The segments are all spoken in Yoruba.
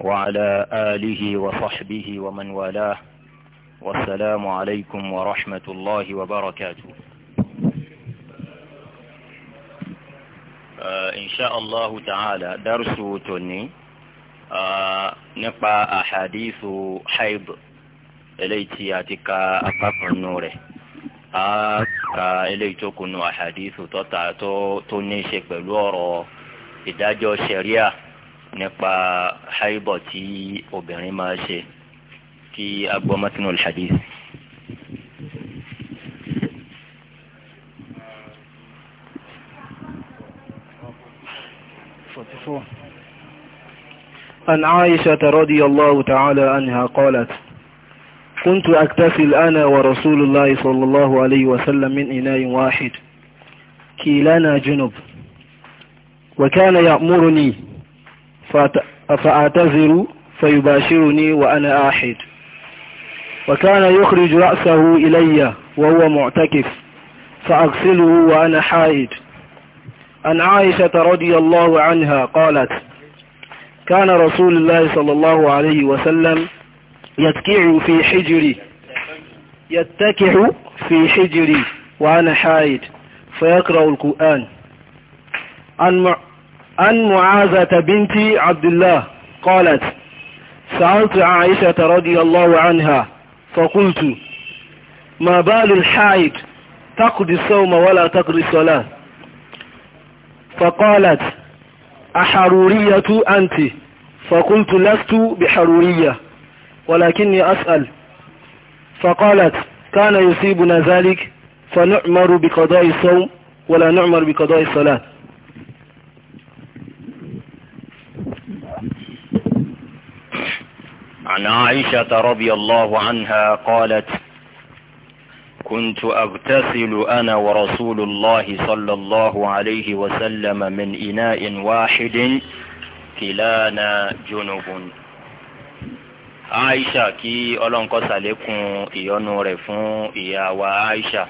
وعلى آله وصحبه ومن والاه والسلام عليكم ورحمة الله وبركاته آه، إن شاء الله تعالى درس توني آه، نقع أحاديث حيض إليتي أتكا أقاق النوره أتكا آه، كإليتي أحاديث تطع توني شك بلورو إداجو شريعه nípa haibọ tí obìnrin máa ṣe kí agbọmọtínú alhadis. عن عائشة رضي الله تعالى عنها قالت كنت أكتسل أنا ورسول الله صلى الله عليه وسلم من إناء واحد كيلانا جنب وكان يأمرني فأعتذر فيباشرني وأنا آحد وكان يخرج رأسه إلي وهو معتكف فأغسله وأنا حائد عن عائشة رضي الله عنها قالت كان رسول الله صلى الله عليه وسلم يتكع في حجري يتكع في حجري وأنا حائد فيقرأ القرآن عن عن معاذة بنت عبد الله قالت سألت عائشة رضي الله عنها فقلت ما بال الحائد تقضي الصوم ولا تقضي الصلاة فقالت أحرورية أنت فقلت لست بحرورية ولكني أسأل فقالت كان يصيبنا ذلك فنعمر بقضاء الصوم ولا نعمر بقضاء الصلاة عن عائشة رضي الله عنها قالت كنت أغتسل أنا ورسول الله صلى الله عليه وسلم من إناء واحد كلانا جنوب Aisha kí ọlọ́nkọ́ sàlékún ìyọ́nú rẹ̀ fún ìyàwó Aisha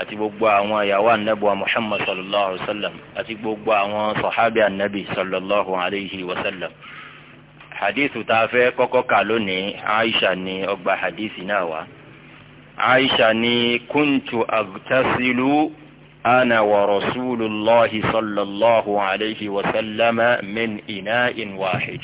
àti gbogbo àwọn ìyàwó anabi wa Muhammad sallallahu alayhi wa sallam àti gbogbo àwọn sọ̀hábì anabi sallallahu alayhi wa sallam hadithu tá a fẹ́ kọ́kọ́ kà lónìí aisha ni ọgbà hadithi náà wá aisha ni kuntu agtasilu ana wa rasulullahi sallallahu alayhi wa sallama min ina'in wahid.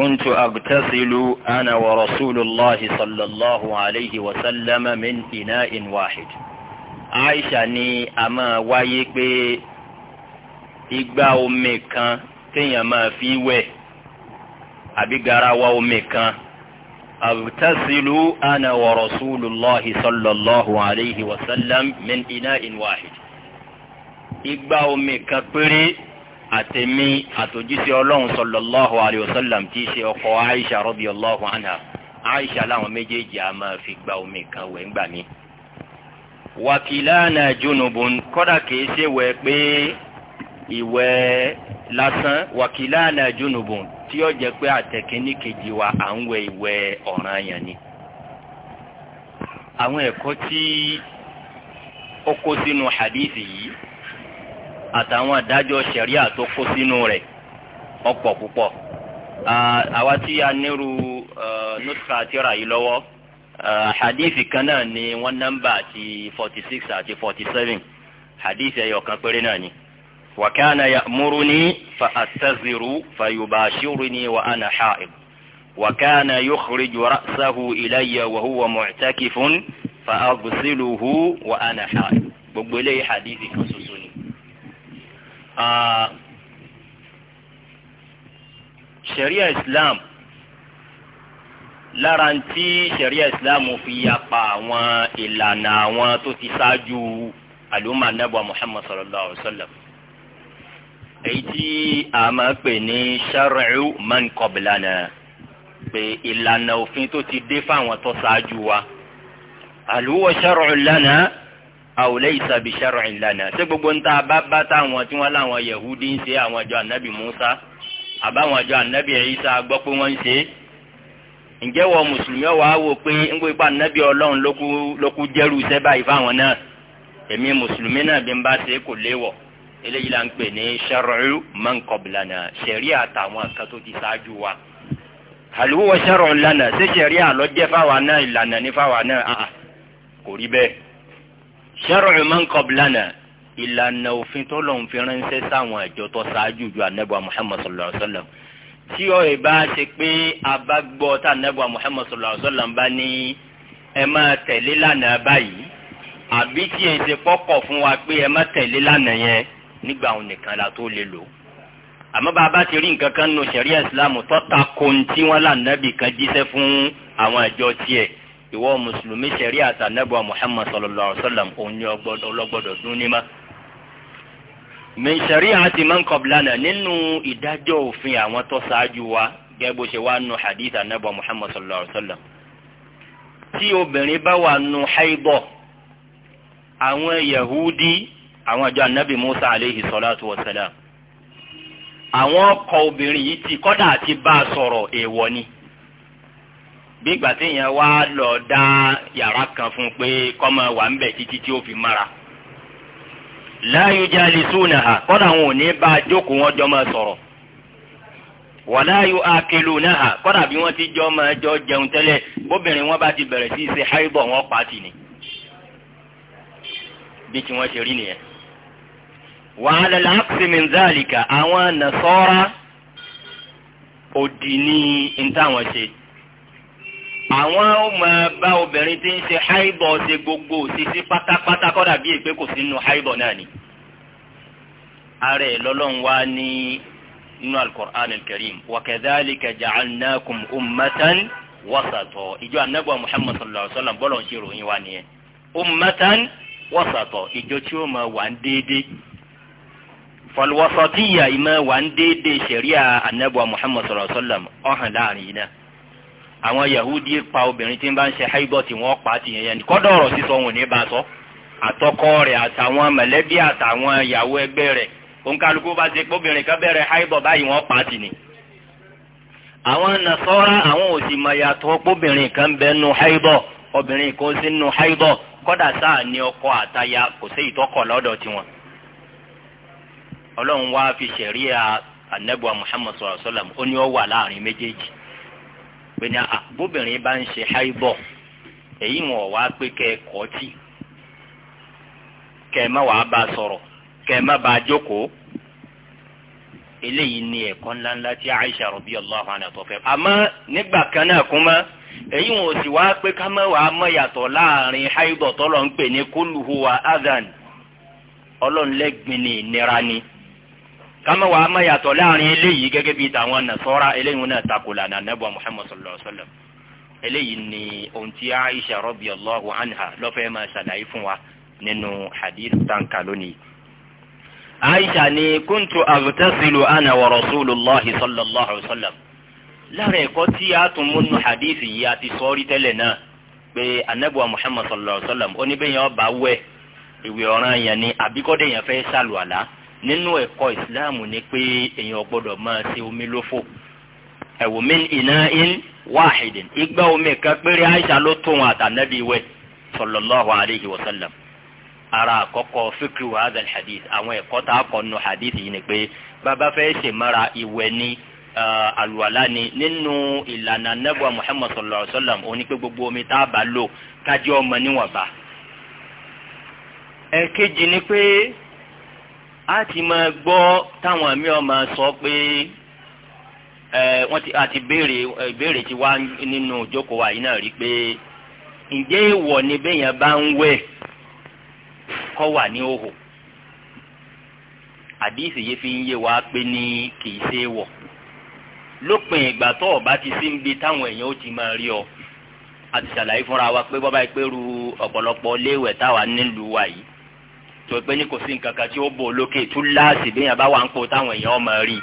كنت أغتسل أنا ورسول الله صلى الله عليه وسلم من إناء واحد Aisha ní a máa wáyé pé igbá omi kan téèyàn máa fi wẹ̀ àbí garawa omi kan agtasilu ana wa rasulullahi sallallahu alayhi wa sallam min ina'in wahid igbá omi kan péré àtẹ̀mí àtòjíṣẹ́ ọlọ́run sallallahu alayhi wa sallam tí í ṣe ọkọ aisha radiyallahu anha aisha láwọn méjèèjì a máa fi gba omi kan wẹ̀ ńgbà mi. wàkìlánà junubun kọ́dà kìí ṣe wẹ̀ pé ìwẹ̀ lásán wàkìlánà junubun tí ó jẹ́ pé àtẹ̀kíní kejì wa à ń wẹ ìwẹ̀ ọ̀ranyàn ni. àwọn ẹ̀kọ́ tí ó kó sínú hadithi yìí àtàwọn àdájọ́ ṣẹ̀ríà tó kó sínú rẹ̀ ọ̀pọ̀ púpọ̀ àwa tí a nírú nùsùkà àtìrà yìí lọ́wọ́ hadithi kan náà ni wọ́n nọ́mbà àti forty six àti forty seven hadithi ẹ̀yọ̀ kan péré náà ni. وكان يأمرني فأستزر فيباشرني وأنا حائض وكان يخرج رأسه إلي وهو معتكف فأغسله وأنا حائض gbogbo eléyìí hadithi kan so ṣẹ̀ríà islam lára ń tí ṣẹ̀ríà islam fi yapa àwọn ìlànà àwọn tó ti ṣáájú àlùmọ̀ anábọ̀ muhammad sallallahu alayhi wa sallam èyí tí a máa pè ní shar'u man qablana pé ìlànà òfin tó ti dé fáwọn tó ṣáájú wa àlùwọ̀ shar'u lana aw laysa bi shar'in lana ṣé gbogbo ńta bá bá táwọn tí wọ́n láwọn yahudi ń ṣe àwọn àjọ anabi musa àbáwọn àjọ anabi isa gbọ́ pé wọ́n ń ṣe ǹjẹ́ wọ mùsùlùmí ọ̀ wá wò pé ń gbé ipa anabi ọlọ́run ló kú jẹ́rù iṣẹ́ báyìí fáwọn náà èmi mùsùlùmí náà bí n bá ṣe kò léwọ̀ eléyìí la ń pè ní shar'u man qablana àtàwọn kan tó ti ṣáájú wa hal huwa shar'un ṣé ṣẹ̀ríà àlọ́jẹ́ fáwọn náà ìlànà ní fáwọn náà kò rí bẹ́ẹ̀ shar'u man qablana ìlànà òfin tó lọ́n fi ránṣẹ́ sáwọn àjọ tó ṣáájú ju anábọ̀ Muhammad sallallahu alayhi wa sallam tí ó yẹ bá ṣe pé abágbọ́ tá anábọ̀ Muhammad sallallahu alayhi wa sallam bá ní ẹ máa tẹ̀lé lánàá báyìí àbí tí ẹ ṣe pọ́kọ̀ fún wa pé ẹ má tẹ̀lé lánàá yẹn nígbà òun nìkan la tó lè lò àmọ́ bá a bá ti rí nǹkan kan nù sẹ̀ríà ìsìlámù tó ta ní tí wọ́n lànà bì jíṣẹ́ fún àwọn àjọ tiẹ̀ ìwọ mùsùlùmí sẹ̀rí àtànẹ́bọ̀ muhammad sallallahu alayhi wa sallam òun ni ọlọ́gbọ́dọ̀ dún ní ma. min sẹ̀rí àti man qablana nínú ìdájọ́ òfin àwọn tó ṣáájú wa gẹ́gẹ́ bó ṣe wá nu hadith ànẹ́bọ̀ muhammad sallallahu alayhi wa sallam. tí obìnrin bá wà nu haibọ̀ àwọn yahudi àwọn àjọ ànábì musa aleyhi salatu wa salam àwọn ọkọ obìnrin yìí ti kọ́dà àti bá a sọ̀rọ̀ èèwọ̀ ni. E bí ìgbà téèyàn wá lọ dá yàrá kan fún un pé kọ́mọ wà ń bẹ̀ títí tí ó fi mára láàyò jáde súnà hà kọ́dà wọn ò ní bá a jókòó wọn jọ máa sọ̀rọ̀ wàláyò akelu náà bí wọ́n ti jọ máa jọ jẹun tẹ́lẹ̀ bóbìnrin wọn bá ti bẹ̀rẹ̀ sí ṣe háìbọ̀ wọn pa tì ní bí tí wọ́n ṣe rí nìyẹn. wàhálà làákùsì min zálìkà àwọn na òdì ní ní táwọn ṣe. àwọn ó máa bá obìnrin tí ń ṣe háìbọ̀ ṣe gbogbo òṣìṣẹ́ pátápátá kọ́dà bíi pé kò sínú háìbọ̀ náà ni. ara ẹ̀ lọ́lọ́run wá ní inú al-Qur'an al-Karim ummatan wasatọ̀ ìjọ anábọ̀ Muhammad sallallahu alayhi wa sallam bọ́lọ̀ ń ṣe ròyìn wá nìyẹn ummatan wasatọ̀ ìjọ tí ó máa wà ń déédéé fal ìmọ̀ wà ń déédéé ṣẹ̀ríà anábọ̀ Muhammad sallallahu alayhi wa sallam ọ̀hàn láàrin yìí náà. àwọn yahudi pa obìnrin tí ń bá ń ṣe haibọ tí wọn pa ti yẹn ni kọdọ ọrọ sísọ wọn ní bá sọ àtọkọ rẹ̀ àtàwọn mẹ̀lẹ́bí àtàwọn ìyàwó ẹgbẹ́ rẹ̀ ònkálukú bá ṣe kóbìnrin kan bẹ̀rẹ̀ haibọ báyìí wọn pa ti ni. àwọn nasọra àwọn òsì mayàtọ̀ kóbìnrin kan bẹ nu haibọ obìnrin kan sí nu haibọ kọ́dà sáà ní ọkọ àtaya kò sí ìtọ́kọ̀ lọ́dọ̀ tiwọn. ọlọ́run wá fi ṣẹ̀ríà anabuwa muhammadu sallallahu alayhi wa sallam ó ní ó wà láàrin méjèèjì pé ní ah, bóbìnrin bá ń ṣe háìbọ̀ èyí wọn wá pé kẹ ẹ kọ́ tì kẹ ẹ má wàá bá a sọ̀rọ̀ kẹ ẹ má bá a jókòó eléyìí ni ẹ̀kọ́ ńláńlá tí Aisha radiyallahu anha nígbà kan náà kún mọ́ èyí wọn ò sì wá pé ká má wàá láàrin ń pè ní ní ìnira ni. kama wàá má yàtọ̀ láàrin eléyìí gẹ́gẹ́ bíi tàwọn nasọ́ra eléyìí náà takò lànà anábọ̀ muhammad sallallahu alayhi wa sallam eléyìí ni ohun tí aisha radiyallahu anha lọ́fẹ̀ẹ́ máa ṣàlàyé fún wa nínú hadith tanka lónìí. aisha ni kuntu aghtasilu ana wa rasulullahi sallallahu alayhi wa sallam lára ẹ̀kọ́ tí a tún múnú hadith yìí a ti sọ́ọ́rí tẹ́lẹ̀ náà pé anábọ̀ muhammad sallallahu alayhi wa sallam ó ọba wẹ̀ ìwé ọ̀ràn yẹn ni àbíkọ́dé fẹ́ ṣàlùwàlá nínú ẹ̀kọ́ ìsìláàmù ni pé èèyàn gbọ́dọ̀ máa ṣe omi lófò ẹ̀wòmí iná in wáhìdìn igba omi kan péré Aisha ló tó wọn àtànẹ́bí wẹ̀ sallallahu alayhi wa sallam ara àkọ́kọ́ fíkì wà hadha hadith àwọn ẹ̀kọ́ tá a kọ́ nu hadith yìí ni pé bàbá fẹ́ ṣe mara ìwẹ̀ ni àlùwàlá ni nínú ìlànà nẹ́bùà Muhammad sallallahu alayhi òní pé gbogbo omi tá a bá lò kájọ́ ọmọ níwọ̀nba ẹ̀kejì ni pé a ti máa gbọ́ táwọn àmì ọmọ sọ pé ẹ wọ́n ti àti béèrè ìbéèrè ti wá nínú ìjókòó wa yìí náà rí pé ǹjẹ́ ìwọ̀ ni béèyàn bá ń wẹ̀ kó wà ní òhò àdìsí yìí fi ń yé wa pé ní kì í ṣe wọ̀ lópin ìgbà tó o ti sí níbi táwọn èèyàn ó ti máa rí ọ àti ṣàlàyé fúnra wa pé bọ́bá ìpẹ́rù ọ̀pọ̀lọpọ̀ léèwẹ̀ táwa nílùú wa yìí tó pé ní kò sí nǹkan kan tí ó bò lókè tú láàsì bí yẹn bá wà ń po táwọn èèyàn ọmọ rí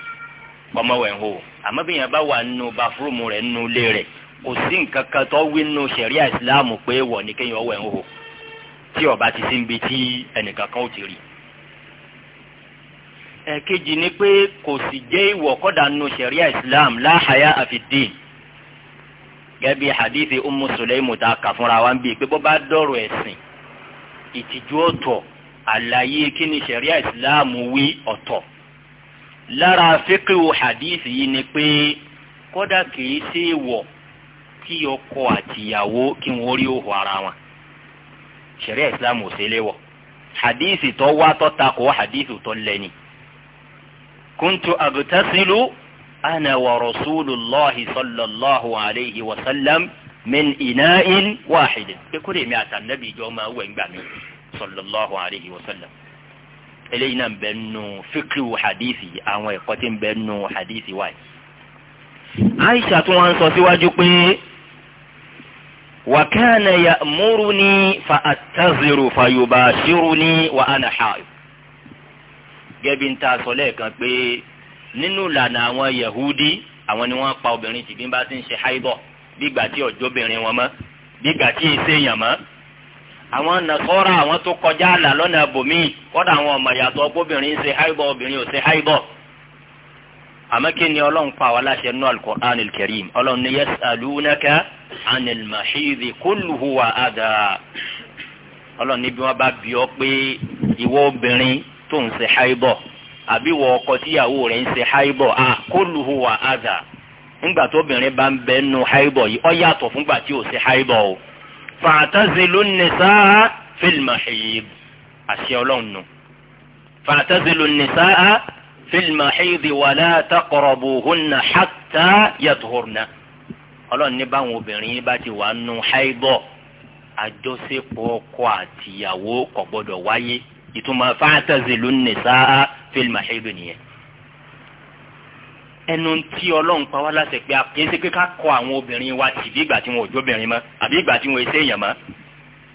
ọmọ wẹ̀ ń hò àmọ́ bí yẹn bá wà nù bàfúrúmù rẹ̀ nù ilé rẹ̀ kò sí nǹkan kan tó wí nù sẹ̀ríà ìsìláàmù pé wọ̀ ní kéèyàn wẹ̀ ń hò tí ọba ti síbi tí ẹnìkan kan ò ti rí ẹ̀kejì ni pé kò sì jẹ́ ìwọ̀ kọ́dà nù sẹ̀ríà islam láhàyà àfìdí gẹ́bí hadithi umu suleimu ta kà fúnra wa ń bí pé bó bá dọ̀rọ̀ ẹ̀sìn ìtìjú ọ̀tọ̀ àlàyé kíni ṣẹ̀ríà ìsìláàmù wí ọ̀tọ̀ lára fíkìwò hadithi yìí ni pé kódà kìí ṣe wọ̀ kí ọkọ àtìyàwó kí wọ́n rí òhò ara wọn ṣẹ̀ríà ìsìláàmù ò ṣe lé wọ̀ hadithi tó wá tó takò hadithi tó lẹ́ni kuntu agutasilu ana wa rasulillahi sallallahu alayhi wa sallam min ina'in wahid pé kó lè mi àtànàbì máa wẹ̀ ń gbà mí sallallahu alayhi wa sallam eléyìí náà ń bẹ nù fíkìrù hadithi àwọn ẹ̀kọ́ tí ń bẹ nù hadithi wáyé. Aisha tún wọn sọ síwájú pé wa kana ya'muruni fa attaziru fa yubashiruni wa ana haid. gẹ́bí ń sọ lẹ́ẹ̀kan pé nínú ìlànà àwọn Yahudi àwọn ni wọ́n pa obìnrin tì bá ti ń ṣe haidọ̀ bí ìgbà ọjọ́ obìnrin wọn mọ́ bí ìgbà tí mọ́ àwọn nàkọ́ra àwọn tó kọjá àlà lọ́nà abòmíì kọ́dà àwọn ọmọ ìyàtọ̀ obìnrin ṣe háìbọ̀ obìnrin ò ṣe háìbọ̀ àmọ́ kí ni ọlọ́run pa wá láṣẹ nínú alukur'an alkarim ọlọ́run ni yasalunaka anil mahidi kulluhu wa adha ọlọ́run níbi wọn bá bi ọ́ pé ìwọ obìnrin tó ń ṣe háìbọ̀ àbí ìwọ ọkọ tíyàwó rẹ̀ ń ṣe háìbọ̀ à kulluhu wa adha fàtàzìlú nìsá fílmù xìyìb àṣẹ ọlọ́run nù fàtàzìlú nìsá fílmù xìyìb wàlá takọrọbù hùnà xàtà yàtúhùrnà ọlọ́run ní báwọn obìnrin bá ti wà nù xáìbọ̀ àjọṣepọ̀ ọkọ àtìyàwó kò gbọdọ̀ wáyé ìtumọ̀ fàtàzìlú nìsá fílmù xìyìb nìyẹn ẹnu tí ọlọ́run pa wá láṣẹ pé kì í ṣe pé ká kọ àwọn obìnrin wa tì bí ìgbà tí wọn ò jóbìnrin mọ́ àbí ìgbà tí wọn ò èèyàn mọ́.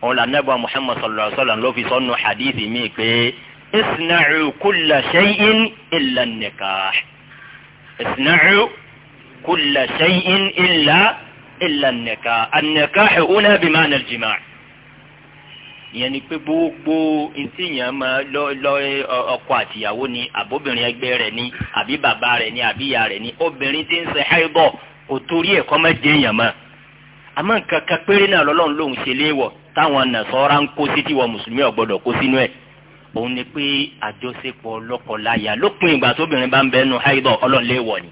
òun là nẹ́bà Muhammad sallallahu alayhi ló fi sọ́nu hadithi mi pé isna'u kulla shay'in illa nikah isna'u kulla shay'in illa illa nikah an-nikah huna bi ma'na ìyẹn ni pé gbogbo ntí yẹn máa lọ lọ ọkọ àtìyàwó ni àbóbìnrin ẹgbẹ́ rẹ̀ ni àbí bàbá rẹ̀ ni àbí ìyá rẹ̀ ni obìnrin tí ń ṣe háìbọ̀ kò torí ẹ̀ kọ́ máa jẹ́ èèyàn mọ́ àmọ́ nǹkan kan péré náà lọ́lọ́run lòun ṣe léèwọ̀ táwọn nàṣọ́ra ń kó sí tiwọn mùsùlùmí ọ̀gbọ́dọ̀ kó sínú ẹ̀ òun ni pé àjọṣepọ̀ lọ́kọláya lópin ìgbà tóbìnrin bá ń bẹnu háìbọ̀ ọlọ́run léèwọ̀ ni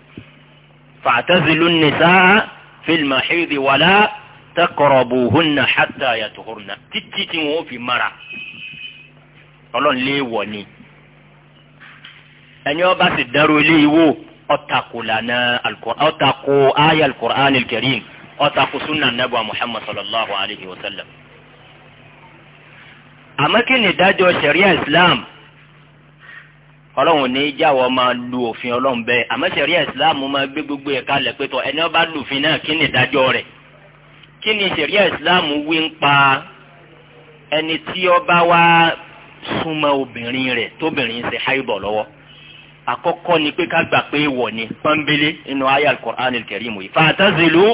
taqrabuhunna hatta yatuhurna títí tí wọn fi mara ọlọ́run lé wọ̀ ni ẹni ọba sì dárò ilé ìwò ọ̀tàkù lànà ọ̀tàkù ayé al-Qur'an al-Karim ọ̀tàkù sunna nabuwa Muhammad sallallahu alayhi wa sallam. àmọ́ kí ni ìdájọ́ sharia Islam ọlọ́run ní jáwọ́ máa lu òfin ọlọ́run bẹ́ẹ̀ àmọ́ sharia Islam máa gbé gbogbo ẹ̀ka lẹ̀ ẹni ọba lùfin náà kí ni ìdájọ́ rẹ̀ kí ni ṣẹ̀ríà islam wí ń pa ẹni tí ó bá wá súnmọ́ obìnrin rẹ̀ tóbìnrin ṣe háìbọ̀ lọ́wọ́ àkọ́kọ́ ni pé ká gbà pé wọ̀ ni pọ́nbélé nínú ayé al-Qur'an al-Karim yìí fàtàzìlú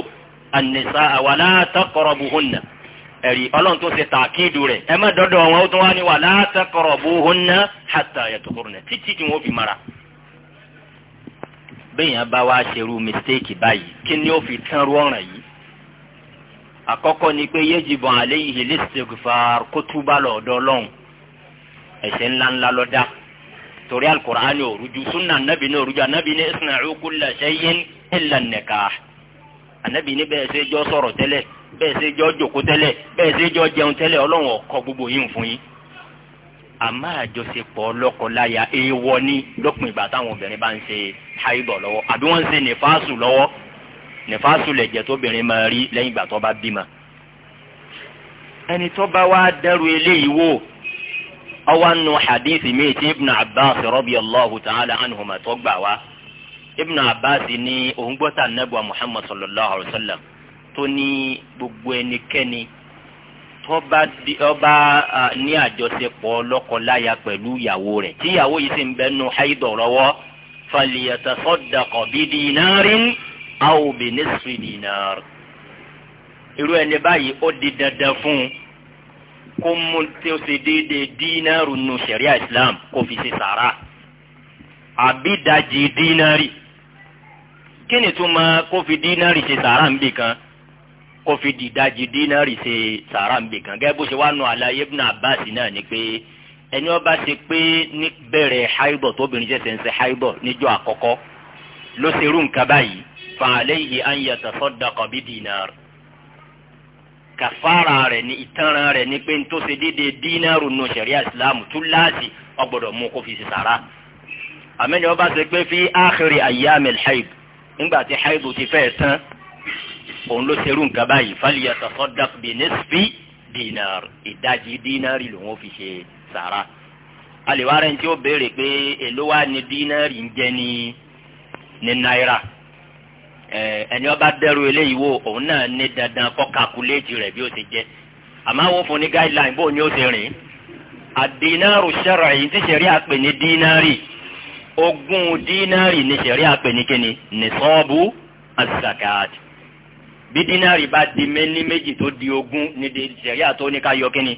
ànìsá àwàlá taqrabuhunna ẹ̀rí ọlọ́run tó ṣe tààkídù rẹ̀ ẹ má dọ́dọ̀ wọn ó tún wá ní wàlá taqrabuhunna hatta yatuhurna títí tí wọn fi mara bẹ́ẹ̀ yẹn bá wá ṣerú mistake báyìí kí ni ó fi tán rú ọ̀ràn yìí àkọ́kọ́ ni pé yajibu alayhi listighfar kó túbà lọ́dọ̀ Ọlọ́run ẹ̀ṣẹ̀ ńláńlá ló dá torí alukur'ani òrujú sunna anabi ní òrujú anabi ní isna'u kulla shay'in illa nikah anabi ní bẹ́ẹ̀ ṣe jọ sọ̀rọ̀ tẹ́lẹ̀ bẹ́ẹ̀ ṣe jọ jòkó tẹ́lẹ̀ bẹ́ẹ̀ ṣe jọ jẹun tẹ́lẹ̀ Ọlọ́run ó kọ̀ gbogbo yìí fún yín àmọ́ àjọṣepọ̀ ọlọ́kọláya èèwọ̀ ni lópin ìgbà táwọn obìnrin bá ń ṣe háìbọ̀ lọ́wọ́ àbí wọ́n ń ṣe nífàásù lọ́wọ́ nífàsù lẹ̀jẹ̀ tóbìnrin máa rí lẹ́yìn ìgbà tó bá bímọ. ẹni tó bá wá dẹ́rù eléyìí wò ọwọ́ nu hadithi mi ti ibn abbas radiyallahu ta'ala anhuma tó gbà wá ibn abbas ní òun gbọ́ta nẹ́bùa muhammad sallallahu alayhi wa sallam tó ní gbogbo ẹnikẹ́ni tọ́ba ní àjọṣepọ̀ lọ́kọláya pẹ̀lú ìyàwó rẹ̀ tíyàwó yìí sì ń bẹnu haidọ̀ lọ́wọ́ faliyatasaddaq bidiinarin aw bi nisfi dinar irú ẹni báyìí ó di dandan fún un kó mú tí ó ṣe déédéé dínárù nù sẹ̀ríà islam kó fi ṣe sàrà àbí dajì dínárì kí ni túmọ̀ kó fi dínárì ṣe sàrà nbì kan kó fi dìdajì dínárì ṣe sàrà nbì kan gẹ́gẹ́ bó ṣe wá nu àlàyé ibn abbas náà ni pé ẹni ó ṣe pé ní bẹ̀rẹ̀ haibọ̀ tóbìnrin ṣẹ̀ṣẹ̀ ń haibọ̀ níjọ́ àkọ́kọ́ ló ṣerú nǹkan báyìí fàlẹ́yìí à ń yàtọ̀ sọ́dọ̀kọ̀ bí dìnnàr kàfàrà rẹ̀ ní ìtanràn rẹ̀ ní pé n tó ṣe déédéé dínàrù nù sẹ̀ríà ìsìlámù túláàsì ọgbọ́dọ̀ mú kó fi ṣe sàrà àmẹ́ni ọba ṣe pé fi áàkiri àyàmì haib nígbà tí haib ti fẹ́ tán òun ló ṣerú nǹkan báyìí fàlìyà tasaddaq bi nisfi dinar ìdajì dínárì lòun fi ṣe sàrà àlèwárẹ̀ tí ó béèrè pé èló wá ní dínárì ń jẹ́ ní ní náírà ẹni ọba dẹrù eléyìí wo òun náà ní dandan kọ́ kakuléètì rẹ̀ bí ó ti jẹ́ àmọ́ àwọn fún ní guideline bó ni ó ti rìn àdínárù sẹ́rọ̀ yìí ti sẹ̀rí àpè ní dínárì ogún dínárì ní sẹ̀rí àpè ní kíni ní sọ́ọ̀bù azakat bí dínárì bá di méní méjì tó di ogún ní sẹ̀rí àtó ní ká kíni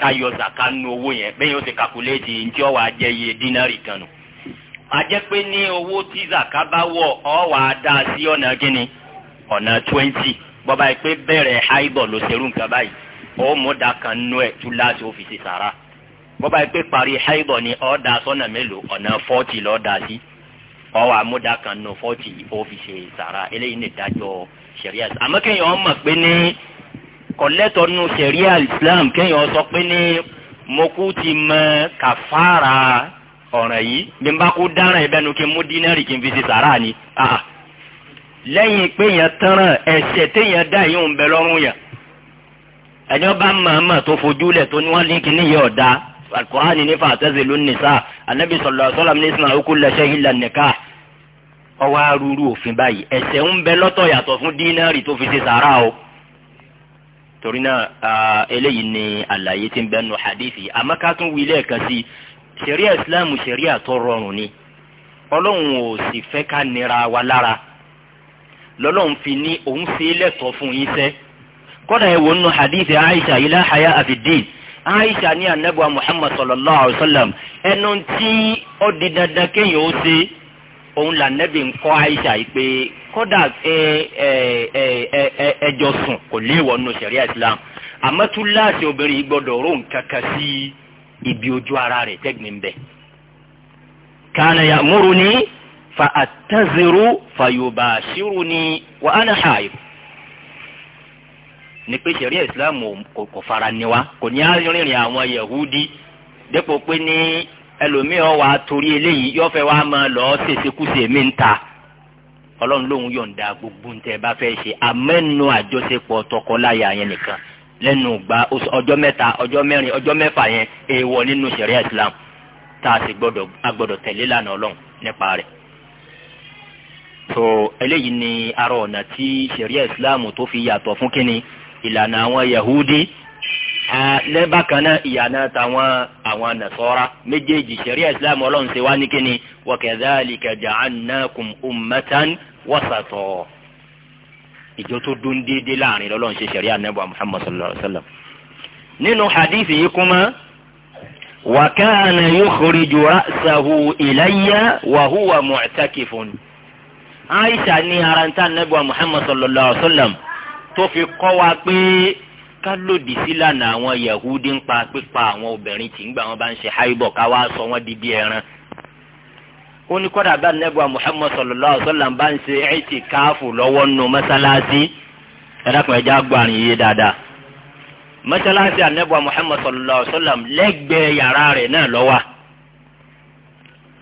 ká zakanu owó yẹn bẹ́ẹ̀ yóò ti kakuléètì ní tí ó wàá jẹ́ iye ajẹ́ pé ní owó tí zaka bá wọ̀ ọ́ wàá dá a sí ọ̀nà gíní ọ̀nà twenty bọ́ba yìí pé bẹ̀rẹ̀ haibọ̀ ló ṣerú nǹkan báyìí ó mú da kan nú ẹ̀ tún láti ọ́fíìsì sàrà bọ́ba yìí pé parí haibọ̀ ni ọ́ da sọ́nà mélòó ọ̀nà forty lọ́ọ́ da sí ọ́ wàá mú da kan nú forty ọ́fíìsì sàrà eléyìí ní ìdájọ́ sẹ̀ríà àmọ́ kéèyàn ọ́ mọ̀ pé ní kọ̀lẹ́tọ̀ nú sẹ̀ríà Islam kéèyàn sọ pé ní mokú ti mọ kàfàrà ọ̀ràn yìí bí n bá kó dáràn ìbẹnu kí n mú dínárì kí n fi ṣe sàrà ni lẹ́yìn pé yẹn tẹ́ràn ẹ̀ṣẹ̀ téèyàn dá yìí ń bẹ lọ́rùn yẹn ẹ̀yọ́ bá màmá tó fojú lẹ̀ tó ní wọ́n ní kíní yẹ̀ ọ̀dá alukur'ani ní fàtẹ́sì ló ní sáà anabi sallallahu alaihi wasallam ní sinna okú lẹ́sẹ̀ ilẹ̀ nìka ọwọ́ arúurú òfin báyìí ẹ̀ṣẹ̀ ń bẹ lọ́tọ̀ yàtọ̀ fún dínárì tó fi ṣe sàrà o torí náà eléyìí ni àlàyé tí ń bẹ nu hadithi àmọ́ ká tún wí lẹ́ẹ̀kan sí i ṣẹ̀ríà ìsìláàmù ṣẹ̀ríà tó rọrùn ni ọlọ́run ò sì fẹ́ ká nira wa lára lọ́lọ́run fi ní òun ṣe é lẹ́tọ̀ọ́ fún yín sẹ́ kọ́dà ẹ̀ wò nínú hadith aisha ilá haya abidin aisha ní anabu muhammad sallallahu alayhi wa sallam ẹnu tí ó di dandan kéèyàn ó ṣe òun là nẹ́bí ń kọ́ aisha yìí pé kọ́dà ẹ ẹ ẹ ẹ ẹjọ sùn kò léèwọ̀ nínú ṣẹ̀ríà ìsìláàmù àmọ́ tún láti obìnrin gbọ́dọ̀ rò ń kankan sí i ibi ojú ara rẹ̀ tẹ́gbìn bẹ̀. kana ya'muruni fa àtẹ́zìrú fa yubashiruni wa ana haid ni pé sẹ̀ríà ìsìláàmù kò fara ni wa kò ní arìnrìn àwọn yahudi dépò pé ní ẹlòmíràn wà á torí eléyìí yọ́fẹ́ wa máa lọ́ọ́ ṣèṣekúṣe mi ń ta ọlọ́run lòun yọ̀ǹda gbogbo ntẹ̀ bá fẹ́ ṣe amẹ́nu àjọṣepọ̀ tọkọláya yẹn nìkan lẹ́nu gba ọjọ́ mẹ́ta ọjọ́ mẹ́rin ọjọ́ mẹ́fà yẹn èèwọ̀ nínú sẹ̀ríà islam tá a sì gbọ́dọ̀ a gbọ́dọ̀ tẹ̀lé lànà ọlọ́run nípa rẹ̀. so eléyìí ni ara ọ̀nà tí sẹ̀ríà islam tó fi yàtọ̀ fún kínní ìlànà àwọn yahudi lẹ́bàkánná ìyànà táwọn àwọn nasọ́ra méjèèjì sẹ̀ríà islam ọlọ́run ṣe wá ní kínní wa kadhalika ja'annakum ummatan wasata ìjọ tó dún déédéé láàrin lọ́lọ́run ṣe ṣẹ̀ríà nẹ́bà muhammad sallallahu alayhi wa sallam. nínú hadith yìí kuma wa kana yukhriju ra'sahu ilayya wa huwa mu'takifun. aisha ní ara ń ta nẹ́bà muhammad sallallahu alayhi wa sallam tó fi kọ́ wa pé ká lòdì sí lànà àwọn yahudi ń pa pípa àwọn obìnrin tí ń gbà wọn bá ń ṣe háìbọ̀ ká sọ wọn di bí ẹran ó ní kọ́dà bá nẹ́bùà Muhammad sallallahu alaihi wasallam bá ń ṣe ẹ̀ẹ́tì káàfù lọ́wọ́ nù mọ́sálásí ẹ̀dàkùn ẹ̀já gbàrin yé dáadáa mọ́sálásí anẹ́bùà Muhammad sallallahu alaihi wasallam lẹ́gbẹ̀ẹ́ yàrá rẹ̀ náà lọ́wọ́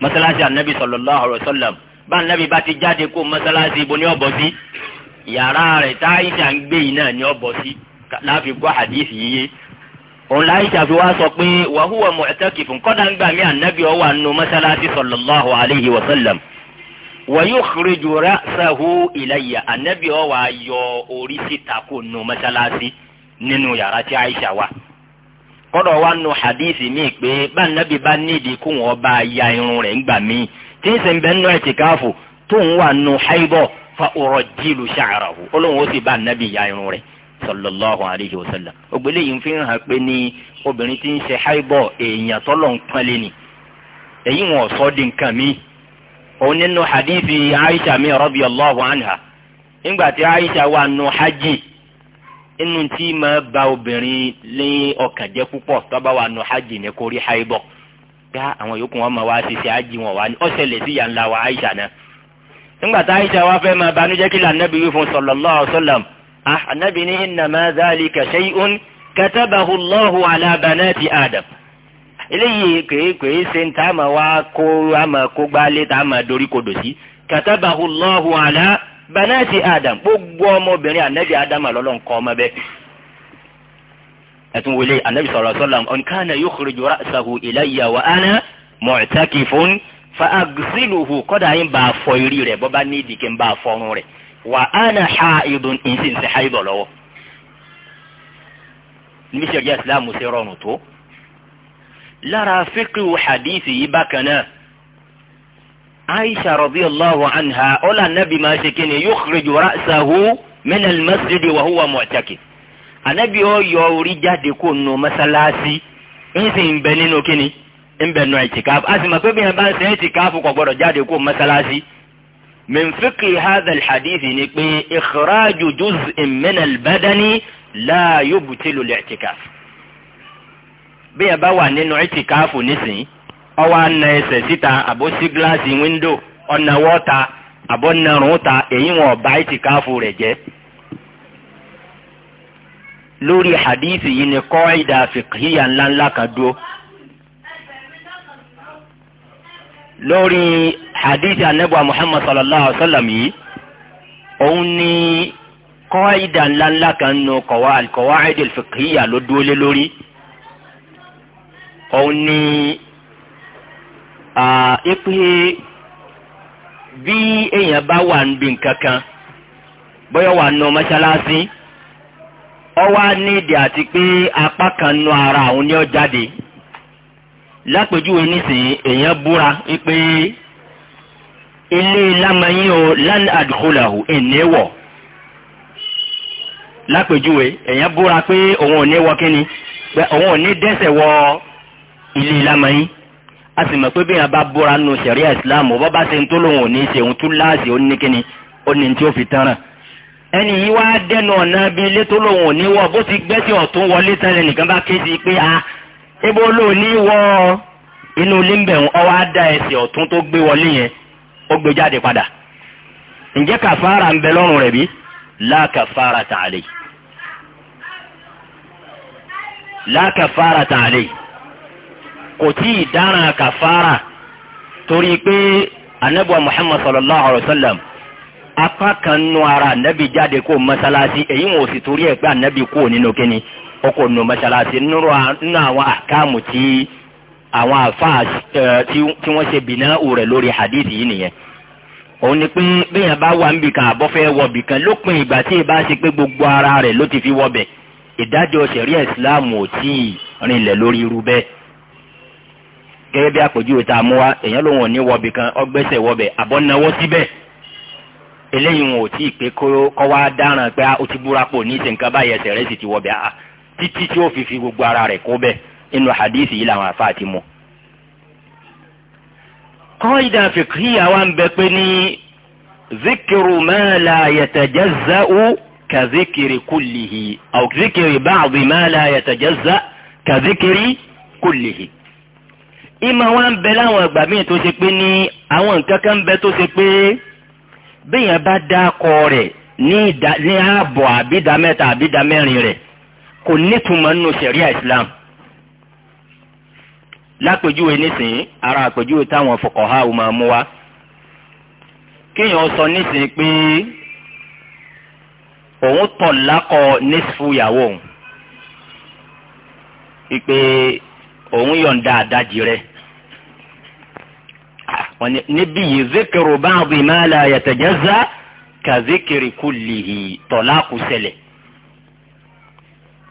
mọ́sálásí anẹ́bì sallallahu alaihi wasallam bá anẹ́bì bá ti jáde kó mọ́sálásí ibo ní ọ̀bọ̀ sí yàrá rẹ̀ táyìsà ń òun láyìíṣà fi wá sọ pé wàhùwà mọ̀ẹ́tẹ́kì fún kọ́dà ń gbà mí ànábì ọ̀wà nù mọ́sálásí sọ̀lọ́láhu aleyhi wa sálàm wàyó xirijú rẹ̀ sàhù ìlàyà ànábì ọ̀wà yọ orí síta kò nù mọ́sálásí nínú yàrá tí àyíṣà wà. kọ́dọ̀ wa nù hadith mi pé bá ànábì bá nídìí kó wọn bá ya irun rẹ̀ ń gbà mí tí ń sìn bẹ́ẹ̀ nù ẹ̀tì káfù tóun wà nù xaibọ̀ fa ọ̀rọ̀ jìlù ṣàràhù sallallahu alayhi wa sallam ògbélé yìí fi hàn pé ní obìnrin tí ń ṣe haibọ èèyàn tọ́lọ̀ ń pọ́nlé ni èyí wọn sọ di nǹkan mi òun nínú hadithi aisha mi radiyallahu anha nígbà tí aisha wà nù hajj inú tí máa ba obìnrin lé ọkàn jẹ́ púpọ̀ tọ́ba wà nù hajj ní kórí haibọ gbá àwọn yòókù wọn máa wá ṣiṣẹ́ hajj wọn wá ní ọ̀sẹ̀lẹ̀ sí yàn wa aisha náà nígbà tí aisha wá fẹ́ máa banújẹ́ kí lànà bí fún sallallahu alaihi Ah, ànábì ní innama dhalika shay'un katabahu Allahu ala banati Adam eléyìí kèékèé ṣe ń tá a máa wá kó a máa kó gbálé tá a máa dorí kodò sí katabahu Allahu ala banati Adam gbogbo ọmọbìnrin ànábì Adam àlọ́lọ́ nǹkan ọmọ bẹ́ẹ̀ ẹtun wele anabi sọlọ sọlọ ọ̀n kánà yukhriju ra'sahu ilayya wa ana mu'takifun fa aghsiluhu kọ́dà yín bá a fọ irí rẹ̀ bọ́bá ní ìdíkẹ́ ń bá a fọ rẹ̀ wà á nà ha ìdùn ìsìn sí ha ìdọ̀ lọ́wọ́ níbi sẹ́ríà ìsìláàmù ṣe rọrùn tó lára fíkìrù hadithi yìí bákan náà aisha radiyallahu anha ọlá nabi máa ṣe kí ni yukhriju ra'sahu min al-masjid wa huwa mu'takif anabi ó yọ orí jáde kó nu mọ́sálásí ń sì nínú kí ni ń nù ẹ̀tìkáfù a sì mọ̀ pé bí yẹn bá ń ṣe ẹ̀tìkáfù kò gbọ́dọ̀ jáde kó mọ́sálásí min fiqhi hadha al-hadith ni pé ikhraju juz'in min al-badani la yubtilu al-i'tikaf bí ẹ bá wà nínú i'tikaf nísìnyí ọwọ́ àna ẹsẹ̀ síta àbó sí gíláàsì wíńdò ọ̀nà wọ́ta àbọ̀ nàrún ta èyí wọn ọba ìtìkáfù rẹ̀ jẹ́. lórí hadithi yìí ni kọ́ìdà fìkìyà ńláńlá kan dúró lórí hadith anabuwa muhammad sallallahu alaihi wa sallam yìí òun ni kọ́ìdà ńláńlá kan nù kọ́wá àlùkọ́wá àìdìl fìkìyà ló dúró lé lórí òun ni ipe bí èèyàn bá wà ń bi nǹkan bóyá wà nù mọ́ṣáláṣí ọwọ́ á ní àti pé apá kan nù ara òun ni ó jáde lápèjúwe nísìnyí èèyàn búra wípé ilé lámàyín o lan adkhulahu ìníwọ̀ lápèjúwe èèyàn búra pé òun ò ní wọ kíni pé òun ò ní dẹ́sẹ̀ wọ ilé lámàyín a sì mọ̀ pé bí wọn bá búra nù sẹ̀ríà ìsìláàmù bọ́ bá ṣe ń tó lòun ò ní ṣe òun tún láàṣì ó ní kíni ó ní tí ó fi tán ràn ẹni yìí wá dẹnu ọ̀nà bíi ilé tó lòun ò ní wọ bó ti gbẹ́sẹ̀ ọ̀tún wọlé tán lẹ́nìkan bá ké sí pé a. Ah, níbo ló ní wọ inú ilé ń bẹ̀rù ọwọ́ á da ẹsẹ̀ ọ̀tún tó gbé wọlé yẹn ó gbé jáde padà ǹjẹ́ kàfàrà ń bẹ lọ́rùn rẹ̀ bí la kàfàrà tààlẹ́ la kàfàrà tààlẹ́ kò tí ì dáràn kàfàrà torí pé anabuwa muhammad sallallahu alayhi wa sallam apá kan nu ara anabi jáde kó masalasi èyí wọn ò sì torí ẹ̀ pé anabi kó nínú kínní. ọkọ̀ nù mọ́ṣáláṣí nínú àwọn àkàmù tí àwọn àfáà tí wọ́n ṣe bìnà rẹ̀ lórí hadith yìí nìyẹn òun ni pé bẹ́ẹ̀ bá wà níbìkan àbọ́fẹ́ wọ̀bìkan lópin ìgbà tí ì bá gbogbo ara rẹ̀ ló ti fi wọ̀bẹ̀ ìdájọ́ ìsìláàmù ò tí ì rinlẹ̀ lórí irú bẹ́ẹ̀ gẹ́gẹ́ bí kan ọgbẹ́sẹ̀ wọ̀bẹ̀ àbọ̀ síbẹ̀ eléyìí wọn ò tí ì pé dáràn pé ah, ó ti búra pò ní ìsìn báyẹn ẹsẹ̀ ti wọ̀bẹ̀ ah, títí tí ó fi fi gbogbo ara rẹ̀ kó bẹ́ẹ̀ inú hadith yìí làwọn afa ti mú. qaida fiqhiyya wa ń bẹ pé ní zikiru ma la yatajazza'u ka zikiri kullihi aw zikiri ba'di ma la yatajazza' ka zikiri kullihi. ìmọ̀ wa ń bẹ láwọn àgbà míì tó ṣe pé ní àwọn nǹkan kan ń bẹ tó ṣe pé bẹ́ẹ̀ yẹn bá dá kọ rẹ̀ ní ààbọ̀ àbídàmẹ́ta àbídàmẹ́rin rẹ̀ kò nítumọ̀ nínú sẹ̀ríà islam lápèjúwe nísìnyí ara àpèjúwe táwọn fòkànhá ò máa mú wa kéèyàn sọ nísìnyí pé òun tọ̀ lákọ̀ nísìfù ìyàwó òun ìpè òun yọ̀ǹda àdájì rẹ̀ ah, níbí yìí zikiru báàbí máa la yàtẹ̀jẹ́ zá kà zikiri kùlìhì tọ̀ lákùsẹ̀lẹ̀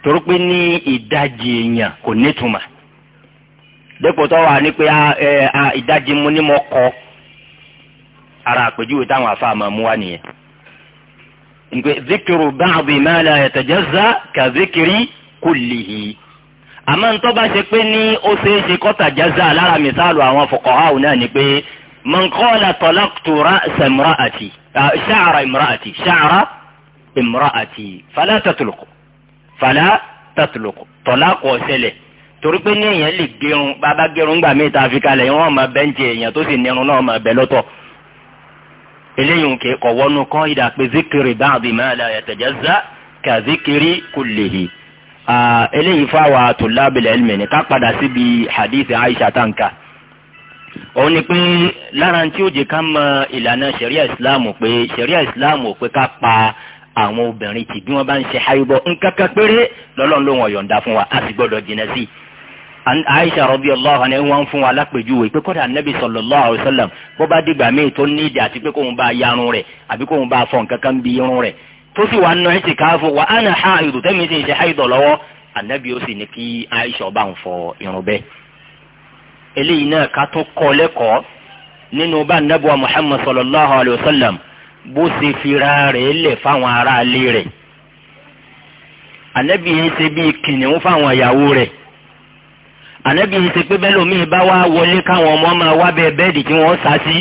torí pé ní ìdajì èèyàn kò nítumọ̀ dépò tó wà ní pé ìdajì mu ni mo kọ ara àpèjúwe táwọn afa máa mú wá nìyẹn nígbè zikiru báàbí ma la yatajazza ka zikiri kullihi àmọ́ ntọ́ bá ṣe pé ní ó ṣeé ṣe kọ́tà jaza lára mìsáàlù àwọn fuqaha náà ni pé man qala talaqtu ra'sa imra'ati sha'ra imra'ati sha'ra imra'ati fala tatluqu fàlà tàtùlùkù tọ̀lá kọ̀ ṣẹlẹ̀ torí pé ní èèyàn lè gerun bàbá gerun gbà mí ta fi kalẹ̀ wọn máa bẹ́ ń jẹ èèyàn tó sì nírun náà máa bẹ lọ́tọ̀ eléyìí kò kọ̀ wọnú kọ́ ìdá pé zikiri báàbí máa la yatajazza ka zikiri kullihi eléyìí fáwọn tulabil ilmi ni ká padà síbi hadith Aisha tanka òun ni pé lára tí ó jẹ ká mọ ìlànà sẹ̀ríà ìsìláàmù pé sẹ̀ríà ìsìláàmù pé ká pa àwọn obìnrin tí bí wọ́n bá ń ṣe háyúbọ̀ nǹkan kan péré lọ́lọ́run ló wọ́n yọ̀ǹda fún wa a sì gbọ́dọ̀ jìnnà sí i. Aisha radiyallahu anha wọ́n fún wa lápèjúwe pé kọ́dà nẹ́bí sallallahu alaihi wasallam bó bá dìgbà míì tó ní ìdí àti pé kóun bá yarun rẹ̀ àbí kóun bá fọ nǹkan kan bí irun rẹ̀ tó sì wà nù ẹ̀sìn káfọ́ wa ana haidu tẹ́mi sì ń ṣe haidu lọ́wọ́ ànábì ó sì ní kí Aisha bá ń fọ irun bẹ́ẹ̀. eléyìí náà ká tún kọ́ lẹ́kọ̀ọ́ nínú bá nẹ́bùwà Muhammad sallallahu alaihi wasallam bó ṣe fira rẹ̀ lẹ̀ fáwọn aráalé rẹ̀ ànábì yìí ṣe bíi kìnìún fáwọn ìyàwó rẹ̀ ànábì yìí ṣe pé bẹ́lòmíì bá wá wọlé káwọn ọmọ máa wá bẹ́ẹ̀ bẹ́ẹ̀dì kí wọ́n sá sí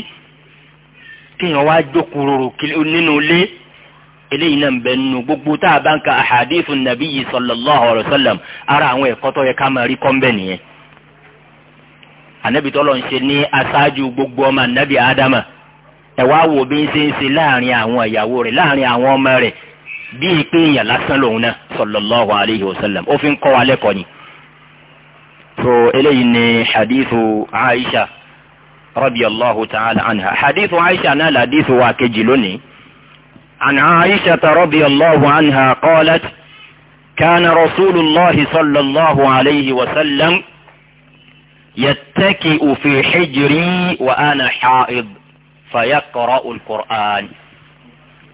wá nínú ilé eléyìí náà ń gbogbo tá a bá ń ka sallallahu alaihi wasallam ara àwọn ẹ̀kọ́ tó yẹ ká máa rí nìyẹn tọ́lọ́ ń ṣe ní aṣáájú ẹ wá wo bí ń ṣe ń ṣe láàrin àwọn ìyàwó rẹ̀ láàrin àwọn ọmọ rẹ̀ bíi pé èèyàn lásán lòun náà sallallahu alayhi wa sallam ó fi ń kọ́ wa lẹ́kọ̀ọ́ ni. so eléyìí ni hadithu aisha radiyallahu ta'ala anha hadithu aisha náà ladithu wa kejì lónìí. عن عائشة رضي الله عنها قالت كان رسول الله صلى الله عليه وسلم يتكئ في حجري وأنا حائض fayaqra'ul Qur'an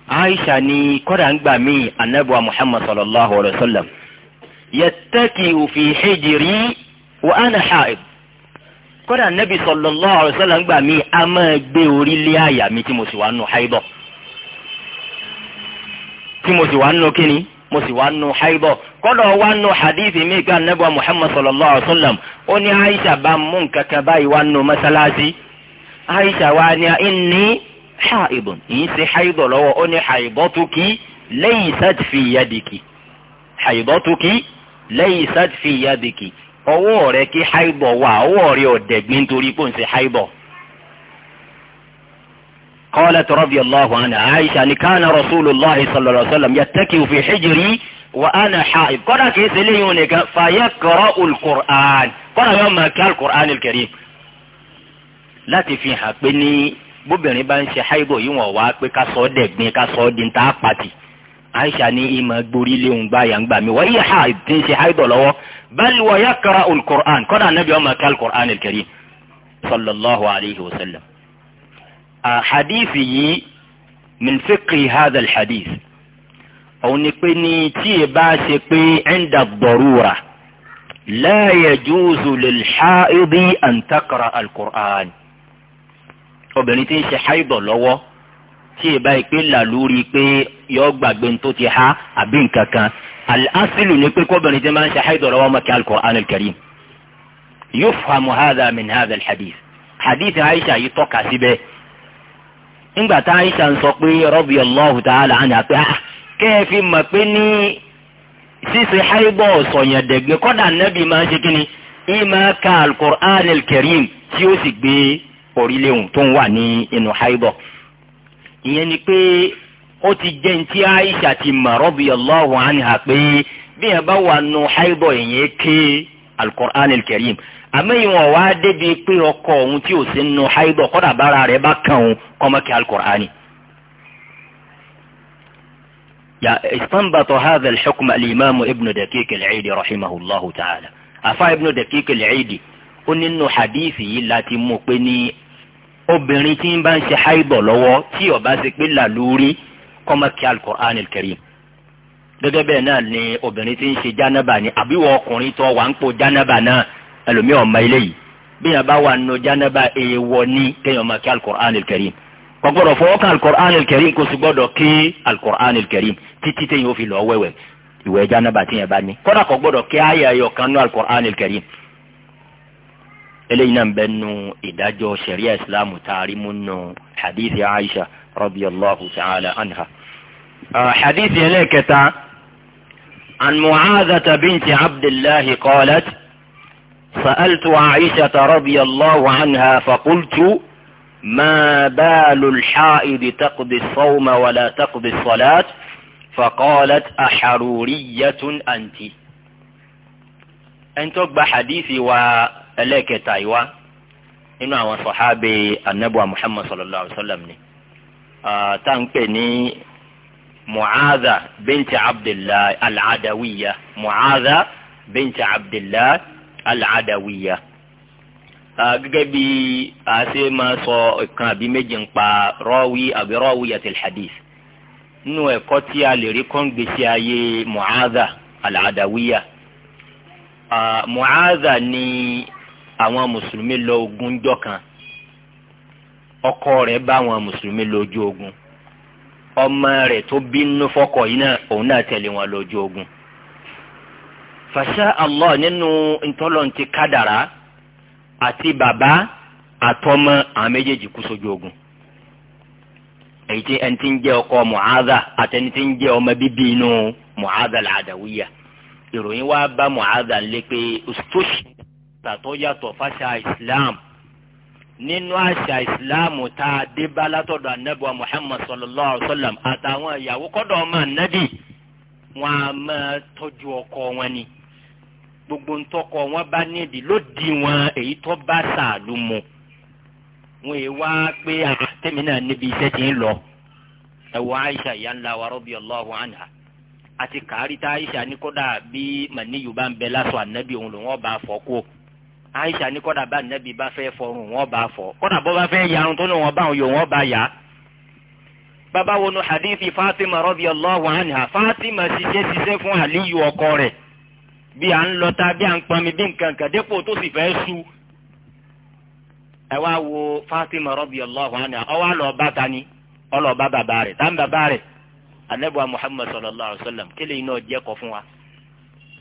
aisha ni kọ́dà ń gbà mí anabuwa muhammad sallallahu alayhi wa sallam yattaki'u fi hijri wa ana ha'id kọ́dà nẹ́bí sallallahu alayhi wa sallam gbà mí a máa gbé orí lé àyà mi tí mo sì wà nù haibọ̀ tí mo sì wà nù kíni mo sì wá nu haibọ kọdọ wá nu hadithi mi gba nebo muhammad sallallahu alaihi wa sallam ó ní aisha bá mú nǹkan kan báyìí wá nu masalasi aisha wa ni inni haibun yìí ṣe haibọ lọ́wọ́ ó ní haibọtuki laysat fi yadiki haibọtuki laysat fi yadiki ọwọ́ rẹ kí haibọ wà ọwọ́ rẹ ọdẹgbin nítorí pé ń ṣe haibọ. قالت رضي الله عنها عائشة أن كان رسول الله صلى الله عليه وسلم يتكئ في حجري وأنا حائض قال كيس لي فيقرأ القرآن قال يوم ما كان القرآن الكريم láti fi hàn pé ní bóbìnrin bá ń ṣe háìbò yìí wọ́n wá pé ká sọ ọ́ dẹ̀gbin ká sọ ọ́ di ta pàtì aisha ní ìmọ̀ gborí léhùn gba yàǹgbà mi wọ́n yí ha ti ń ṣe háìbò lọ́wọ́ bal wa yaqra al-Qur'an kọ́dà nàbí ọmọ ká al-Qur'an sallallahu alayhi wa sallam. àhadìsì yìí min fiqhi hadha òun ni pé ní tí ì bá ṣe pé inda ad-darura la yajuzu lil-haidi an taqra obìnrin tí ń ṣe háìbọ̀ lọ́wọ́ tí ì báyìí pé làlúrí pé yọ gbàgbé tó ti há àbí nǹkan kan al-aslu ni pé kóbìnrin tí máa ń ṣe háìbọ̀ lọ́wọ́ máa kí al-Qur'an al-Karim yufhamu hadha min hadha al-hadith hadith aisha yìí tọ́ka síbẹ̀ ńgbà tá aisha ń sọ pé radiyallahu ta'ala anha pé ah, kẹ́ẹ̀fì mọ̀ pé ní ṣíṣe háìbọ̀ sọ̀yàn dẹ̀gbẹ́ kọ́dà nẹ́bí máa ń ṣe kíni ìmọ̀ ká al-Qur'an al tí ó sì gbé orílẹ̀-èhùn tó ń wà ní inú haibọ̀ ìyẹn ni pé ó ti jẹ́ ní tí Aisha ti mọ̀ radiyallahu anha pé bí yẹn bá wà nù haibọ̀ ìyẹn ké alukur'an alkarim àmọ́ ìwọ̀n wá débi pé ọkọ òun tí ò sí nù haibọ̀ kọ́dà bára rẹ̀ bá kàn òun kọ́mọ́kì alukur'ani. استنبط هذا الحكم الإمام ابن دقيق العيدي رحمه الله تعالى أفا ابن دقيق العيدي ó nínú hadithi yìí láti mú pé ní obìnrin tí ń bá ń ṣe háìbọ̀ lọ́wọ́ tí ó bá ṣe pé làlúrí kó má kí alukur'an kẹrìm gẹ́gẹ́ bẹ́ẹ̀ náà ni obìnrin tí ń ṣe jánábà ni àbíwọ̀ ọkùnrin tó wà ń po jánábà náà ẹlòmíì ọ̀ma eléyìí bí yẹn bá wà nù jánábà èèwọ̀ ni kéèyàn má kí alukur'an kẹrìm kò gbọ́dọ̀ fọwọ́ kan alukur'an kẹrìm kò sì gbọ́dọ̀ kí alukur'an kẹrìm títí téèyàn ó fi lọ wẹ̀wẹ̀ ìwẹ̀ jánábà tí yẹn bá ní kódà kò gbọ́dọ̀ kí ayé ayọ̀ kan nù alukur'an kẹrìm إلينا بأنه إداجو شريع إسلام تعلم أنه حديث عائشة رضي الله تعالى عنها حديث إليك عن معاذة بنت عبد الله قالت سألت عائشة رضي الله عنها فقلت ما بال الحائض تقضي الصوم ولا تقضي الصلاة فقالت أحرورية أنت أنت بحديث و ẹlẹ́ẹ̀kẹta ìwá nínú àwọn sọ̀hábì anabuwa muhammad sallallahu alayhi wa sallam ni tá à ń pè ní mu'adha binti abdullah al-adawiya mu'adha binti abdullah al-adawiya gẹ́gẹ́ bí a ṣe máa sọ ìkan àbí méjì ń pa rọ́wí àbí rawiyatil hadith nínú ẹ̀kọ́ tí a lè rí kọ́ngbèsè ayé mu'adha al-adawiya mu'adha ni. àwọn mùsùlùmí lọ ogun jọ kan ọkọ rẹ̀ bá àwọn mùsùlùmí lójú ogun ọmọ rẹ̀ tó bínú fọkọ yìí náà òun náà tẹ̀lé wọn lójú ogun fàṣà allah nínú ntọ́lọ́ntì kádàrá àti bàbá àtọmọ àwọn méjèèjì kú sójú ogun èyí tí ẹni tí ń jẹ́ ọkọ mu'adha àtẹni tí ń jẹ́ ọmọ bíbí inú muhada làdàwíyà ìròyìn wa bá muhada lé pé oṣù tàtọ́ yàtọ̀ fàṣà islam nínú àṣà islam tá a dé bá látọ̀dọ̀ anabi wa muhammad sallallahu alayhi wa sallam àtàwọn ìyàwó kọ́dọ̀ ọmọ anabi wọn a máa tọ́jú ọkọ wọn ni gbogbo ntọ́kọ wọn bá nídìí ló di wọn èyí tó bá sàlù mu wọn èyí wá pé àtẹ̀mí náà níbi iṣẹ́ ti ń lọ ẹ̀wọ̀n aisha ìyá ńlá wa radiyallahu anha àti kàárí tá ní kódà bí màníyù bá ń bẹ lásọ ànábì òun lòun ọba àfọkù aisha ní kọ́dà bá nẹ́bí bá fẹ́ fọrùn wọn bá fọ kọ́dà bọ́ bá fẹ́ yarun tó ní wọn bá wọn bá yá. bàbá wo nu hadithi fatima radiyallahu fatima ṣiṣẹ́ ṣiṣẹ́ fún aliyu ọkọ rẹ̀ lọta bí ń bí nǹkan kan dépò tó sì fẹ́ su. wo fatima ọwọ́ àlọ́ bá ni ọlọ́ bá bàbá rẹ̀ tá ń bàbá rẹ̀ anabiwa muhammad sallallahu wa sallam jẹ́ kọ fún wa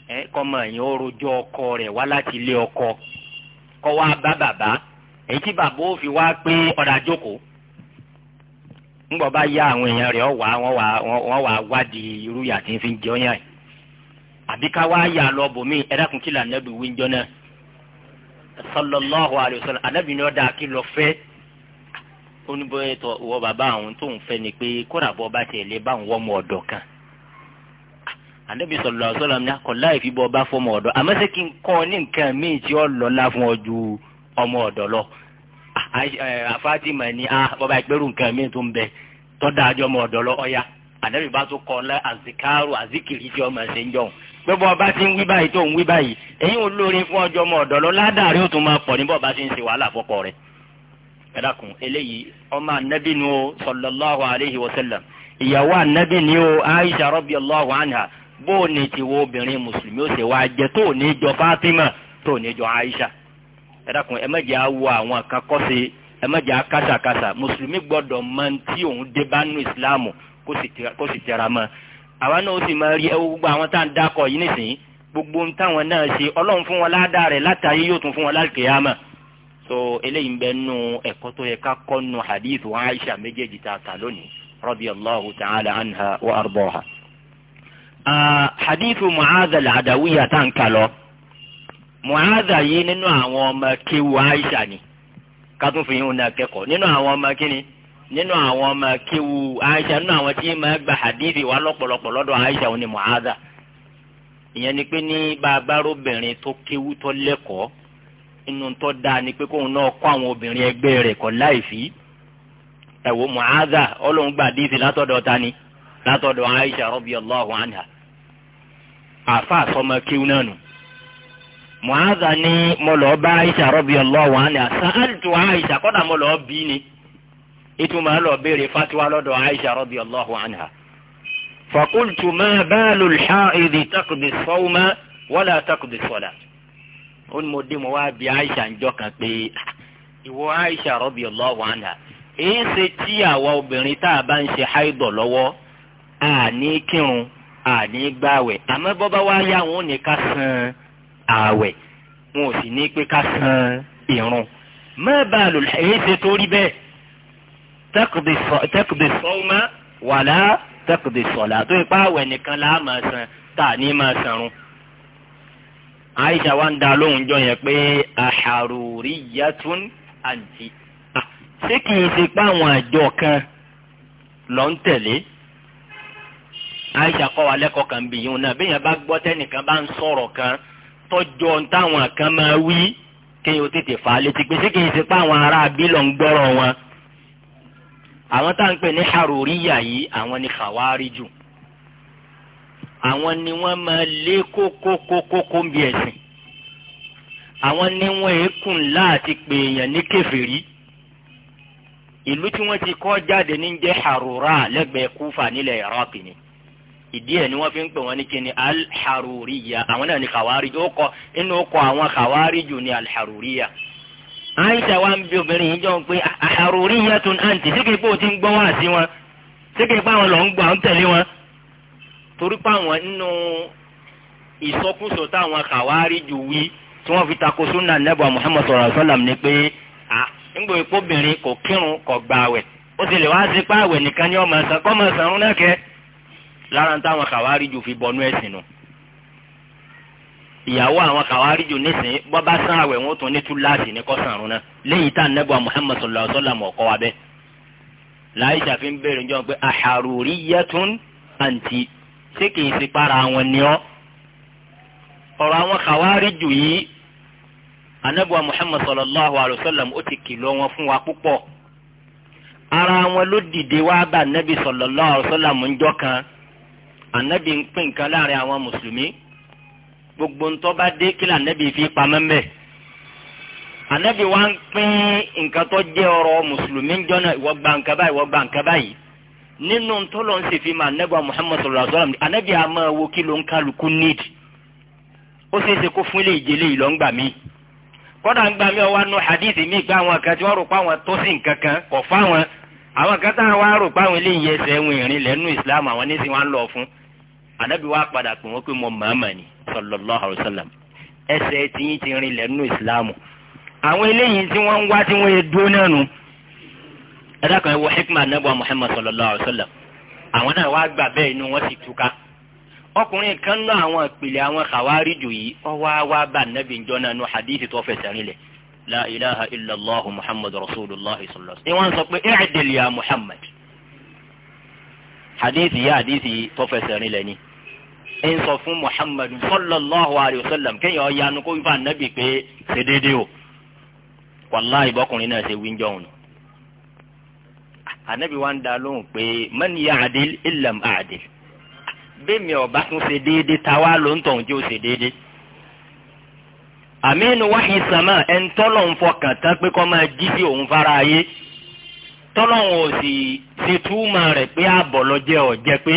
ẹ ó kọ́ wá bá bàbá èyí tí bàbá ò fi wá pé ọ̀dà jókòó ńgbọ́ bá yá àwọn èèyàn rẹ̀ ọ̀wà wọ́n wà wádìí irú yà ń àbí ká wá yà lọ bòmí ẹ̀dákun kí là wa ọ̀dà kí lọ fẹ́ oníbọ̀yẹ̀tọ̀ wọ bàbá àwọn tó fẹ́ ni pé bọ́ bá tiẹ̀ lé báwọn wọ́n ànábì sọlọ sọlọ ní akọlá ìfibọ ọba fọmọ ọ̀dọ̀ àmọ́ ṣé kí n kọ ní nǹkan míì tí ó lọ́lá fún ọ ju ọmọ ọ̀dọ̀ lọ àfáàtìmọ ni a ah, bọba ìpẹrù nǹkan míì tó ń bẹ tọdà àjọ ọmọ ọ̀dọ̀ lọ ọyà ànábì bá tó kọ ọlá àzìkárò àzìkìrì tí ọmọ ẹsẹ ń jọ gbogbo ọba ti ń wí báyìí tó ń wí báyìí èyí ò fún ọjọ́ ọmọ ọ̀dọ̀ lọ ládàrí ó tún máa pọ̀ níbọ̀ bá ti ń ṣe wàhálà fọ́kọ rẹ̀ ẹ eléyìí ọmọ ànábì ni ó sallallahu alaihi wasallam ìyàwó ànábì ni ó Aisha radiyallahu anha bó o ní ti wo obìnrin mùsùlùmí ó ṣe wáá jẹ tó o ní jọ Fatima tó o ní jọ Aisha ẹ dákun ẹ mẹjẹ awo àwọn kan kọsẹ̀ ẹ mẹjẹ akásàkásà mùsùlùmí gbọ́dọ̀ mọ tí òun dé bá nù ìsìláàmù kó sì tẹra mọ́ àwa náà ó sì máa rí ẹwọ gbogbo àwọn tá à ń dákọ yìí nísìnyí gbogbo ń táwọn náà ṣe Ọlọ́run fún wọn ládàá rẹ̀ látàrí yóò tún fún wọn lálùkìyàmà so eléyìí ń bẹ nù ẹ̀kọ́ tó yẹ ká kọ́ nù hadith wa Aisha méjèèjì tá a kà lónìí radiyallahu ta'ala anha wa ardaha. Uh, hadithu mu'adha al-adawiya tá n kà lọ mu'adha yi ninu àwọn ọmọ kéwu aisha ni kátúfin yìí na kẹ́kọ̀ọ́ ninu àwọn ọmọ kíni nínú àwọn ọmọ kéwu aisha ninu àwọn ti ma gba hadithi wa lọ́pọ̀lọpọ̀ lọ́dọ̀ aisha òní mu'adha ìyẹn ni pé ní bàbá obìnrin tó kéwu tó lẹ́kọ̀ọ́ inu tó da ni pé kóun náà kọ́ àwọn obìnrin ẹgbẹ́ rẹ̀ kọ́ láì fi ẹ̀wọ̀ mu'adha ọlọ́run gba hadithi látọ̀dọ̀ ta ni. látọ̀dọ̀ Aisha radiyallahu anha àfa àfọmọ kíw náà nù. Mu'adha ní mo lọ bá Aisha radiyallahu anha sa'altu Aisha kọ́dà mo lọ bí ni ìtumọ̀ lọ béèrè fatiwa lọ́dọ̀ Aisha radiyallahu anha. فقلت ما بال الحائض تقضي الصوم ولا تقضي الصلاة ó ní mo dé mo wá bi Aisha ń jọ́ kan pé ìwọ Aisha radiyallahu anha èyí ṣe tí obìnrin tá a bá ń ṣe háìdọ̀ lọ́wọ́ àní kírun àní gbàwẹ̀ àmọ́ bọ́bá wá yá wọn ò ní ká san àwẹ̀ wọn ò sì ní pé ká san ìrun má bàa lò èyí ṣe torí bẹ́ẹ̀ tẹ́kùdì sọ́ọ́mà wàlá tẹ́kùdì sọ̀là tó ipá àwẹ̀ nìkan là á máa san tá ní máa sanrun. Aisha wa ń da lóhùn jọ yẹn pé àṣàròrí yàtún àǹtí ṣé kì í ṣe pé àwọn àjọ kan lọ ń tẹ̀lé aisha kọ́ wa lẹ́kọ̀ọ́ kan bí yìí náà bẹ́ẹ̀ yẹn bá gbọ́ tẹ́nìkan bá ń sọ̀rọ̀ kan tọ́jọ́ táwọn kan máa wí kéèyàn tètè fà á létí pé sékèyí ti pa àwọn ará abilọ̀ ń gbọ́rọ̀ wọn. àwọn tá à ń pè ní haruriya yìí àwọn ni khawariju àwọn ni wọ́n máa lé kókókókókó ń bí ẹ̀sìn àwọn ni wọ́n èékùn láti pè èèyàn ní kèfèrí ìlú tí wọ́n ti kọ́ jáde ní jẹ́ harura lẹ́gbẹ̀ẹ́ kúfà nílẹ̀ iraq ni ìdí ẹ̀ ni wọ́n fi ń pè wọ́n ní kíni alḥaruriya àwọn náà ni kàwáríjù ó kọ inú ó kọ àwọn kàwáríjù ní alḥaruriya. àìsà wa ń bí obìnrin yìí jọ ń pé alḥaruriya tún àǹtí síkè pé o ti ń gbọ́ wá sí wọn síkè pé àwọn lọ ń gbọ́ à ń tẹ̀lé wọn. torí pé àwọn nínú ìsọkúsọ táwọn kàwáríjù wí tí wọ́n fi tako sunna nebà muhammad sallallahu alaihi ni pé ńgbò ìpóbìnrin kò kírun kò gbààwẹ̀ ó sì lè wá sí pààwẹ̀ nìkan ni ọmọ ẹ̀sán kọ́ ọmọ ẹ̀sán rún náà kẹ́ẹ́ lára táwọn kàwáríjù fi bọnú ẹ̀sìn nù ìyàwó àwọn kàwáríjù nísìnyí bọ́ bá sán àwẹ̀ wọn tún ní túláàsì ní kọ́sàrún náà lẹ́yìn tá nẹ́bọ̀ Muhammad sallallahu alaihi wasallam ọkọ wa bẹ́ẹ̀ láìsà fi ń béèrè jọ pé aharuriyyatun àǹtí ṣé kìí ṣe para àwọn ni ọ́ ọ̀rọ̀ àwọn kàwáríjù yìí anabuwa muhammad sallallahu alaihi wasallam ó ti kìlọ̀ wọn fún wa púpọ̀ ara wọn ló dìde wá bá anabi sallallahu alaihi wasallam ń jọ́ kan anabi ń pín nǹkan láàrin àwọn mùsùlùmí gbogbo ń bá dé kí la anabi fi pamọ́ mbẹ́ anabi wa ń pín nǹkan tó jẹ́ ọ̀rọ̀ mùsùlùmí jọ́nà ìwọ gba nǹkan báyìí ìwọ gba nǹkan báyìí nínú ntọ́lọ́ ń sì fi ma anabi wa muhammad sallallahu alayhi wa sallam anabi a máa wo kí ló ń kálukú need ó ṣeé ṣe kó fún ilé ìjẹlẹ yìí ń gbà mí kọ́dà ń gbà mí ọwọ́ nu hadithi mi gba àwọn kan tí wọ́n rò pa àwọn tó sì nǹkan kan kọ̀ fáwọn àwọn kan tá a wá rò pa àwọn eléyìí ẹsẹ̀ wọn lẹ́nu ìsìlámù àwọn oníṣìí wọn lọ fún anabi wa padà pè wọ́n pé mo màmá ni sallallahu alayhi wa sallam ẹsẹ̀ tiyín ti rin ilẹ̀ nínú ìsìláàmù àwọn eléyìí tí wọ́n ń wá tí wọ́n yẹ dúró náà nù ẹ̀dá kan wọ hikma anabi wa muhammad sallallahu alayhi wa sallam àwọn náà wá gbà bẹ́ẹ̀ inú wọn sì túká ọkùnrin kan náà àwọn ìpìlẹ̀ àwọn kàwáríjù yìí ọwọ́ wa bá anabi njọ́ náà nù hadith tó fẹsẹ̀ rinlẹ̀ la ilaha illallah muhammad rasulillah sallallahu alayhi wa sallam ni sọ pé i'dil ya muhammad hadith yìí hadith yìí tó fẹsẹ̀ rinlẹ̀ ni ń sọ fún muhammadu sallallahu alayhi wa sallam kéèyàn yanu kó wípé anabi pé ṣe déédéé o wàláhì bọ́kùnrin náà ṣe wíńjọ òun. anabi wa ń da lóhùn pé man ya'dil illam a'dil bẹ́ẹ̀mi ọba tún ṣe déédéé ta wá ló ń tọ̀hún tí ó ṣe déédéé. àmínú wáhí sàmà ẹn tọ́lọ̀ ń fọkàn tán pé kọ́ máa jí sí òun fara ayé tọ́lọ̀ ń sì túmọ̀ rẹ̀ pé àbọ̀ ọ̀ jẹ́ pé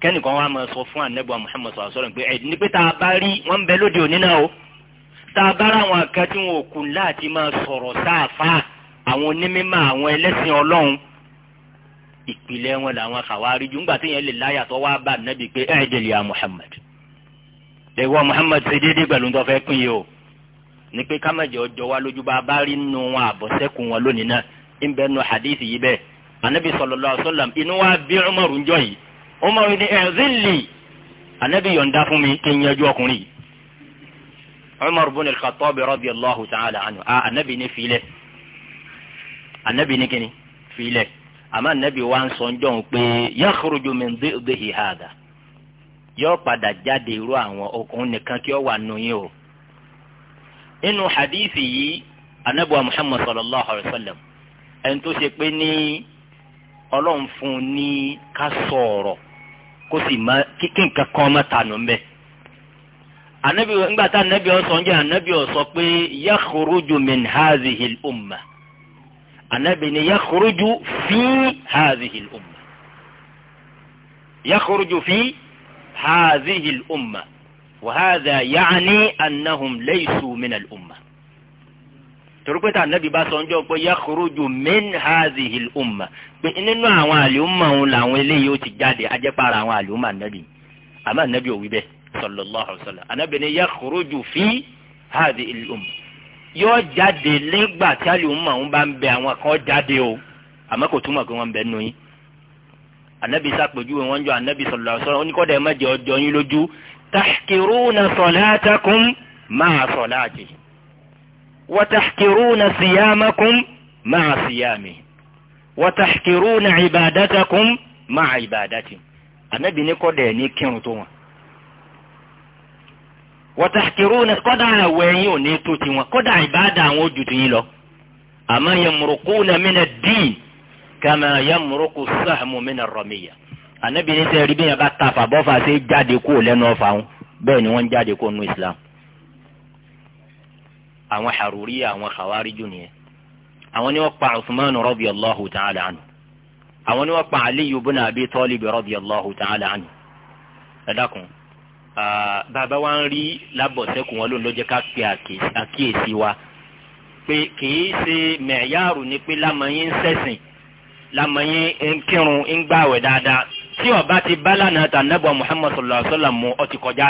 kẹ́nìkan wa máa sọ fún anabi muhammed sọ̀rọ̀ sọ̀rọ̀ pé ẹ̀dín ní pé tá a bá rí wọ́n ń bẹ lóde òní náà o tá a bá ráwọn akẹ́tí wọn ò kùn láti máa sọ̀rọ̀ sáàfà àwọn onímọ̀ àwọn ẹlẹ́sìn ọlọ́run ìpìlẹ̀ wọn làwọn kàwárí ńgbà tí yẹn lè láyà tó wá bá anabi pé ẹ̀ẹ́dẹ̀lì ya muhammed lẹ́wọ́ muhammed ṣe déédéé pẹ̀lú tó fẹ́ pín yìí o ní pé kámẹ́jọ jọ wá lójú bá a bá rí anabi sallallahu alaihi wasallam inú wa Umar ni ẹ̀zílì eh, anabi yọ̀ǹda fún mi kí n yẹjú ọkùnrin yìí. Umar bin al-Khattab radiyallahu ta'ala anhu a ah, anabi ni filẹ̀ anabi ni kini filẹ̀ àmọ́ anabi wa ń sọ njọ́ ń pé yakhruju min dhi'bihi hadha yóò padà jáde irú àwọn ọkùnrin nìkan kí ó wà nù yín o. inú hadithi yìí anabi wa Muhammad sallallahu alayhi wa sallam ẹni tó ṣe pé ní ọlọ́run fún un ní kó sì má kíkí nǹkan kan má tànù ń bẹ. anabi ńgbà tá anabi ọsọ ń jẹ anabi ọsọ pé yakhruju min hazihi al-umma anabi ni yakhruju fi hazihi al-umma yakhruju fi hazihi al-umma wa hadha ya'ni annahum laysu min al-umma. torípẹ́tà nàbí bá sọ ọjọ́ pé yakhruju min hazihi l'umma pé nínú àwọn àlùmọ̀ òun làwọn eléyìí ó ti jáde ajẹ́pàrà àwọn àlùmọ̀ ànábì àmọ́ ànábì ò wí bẹ́ẹ̀ sallallahu alaihi wasallam ànábì ni yakhruju fi hazihi l'umma yóò jáde lẹ́gbà tí àlùmọ̀ òun bá ń bẹ àwọn kan jáde o àmọ́ kò túmọ̀ pé wọ́n ń bẹ nù yín ànábì sàpèjúwe wọn jọ ànábì sallallahu alaihi wasallam oníkọ́dà ẹ̀ وتحكرون صيامكم مع صيامه وتحكرون عبادتكم مع عبادته النبي نيكو ده ني كيرun وتحكرون قد وين ني tó ti wọn قد عباده àwọn ojú ti yín يمرقون من الدين كما يمرق السهم من الرمية. النبي ní ṣe rí bí yan bá ta fa bo fa ṣe jáde kó lẹ́nu ọfà àwọn haruriya àwọn khawariju nìyẹn àwọn ni wọ́n pa usman radiyallahu ta'ala anhu àwọn ni wọ́n pa aliyu ibn abi talib radiyallahu ta'ala anhu ẹ dákun bàbá wa ń rí lábọ̀sẹ́kù wọn lóun ló jẹ́ ká pe àkíyèsí wa pé kìí ṣe mẹ̀yàrú ni pé lámọ̀yé ń sẹ̀sìn lámọ̀yé ń kírun ń dáadáa tí ó bá ti bá lánàá tà muhammadu sallallahu alaihi wasallam mu ó ti kọjá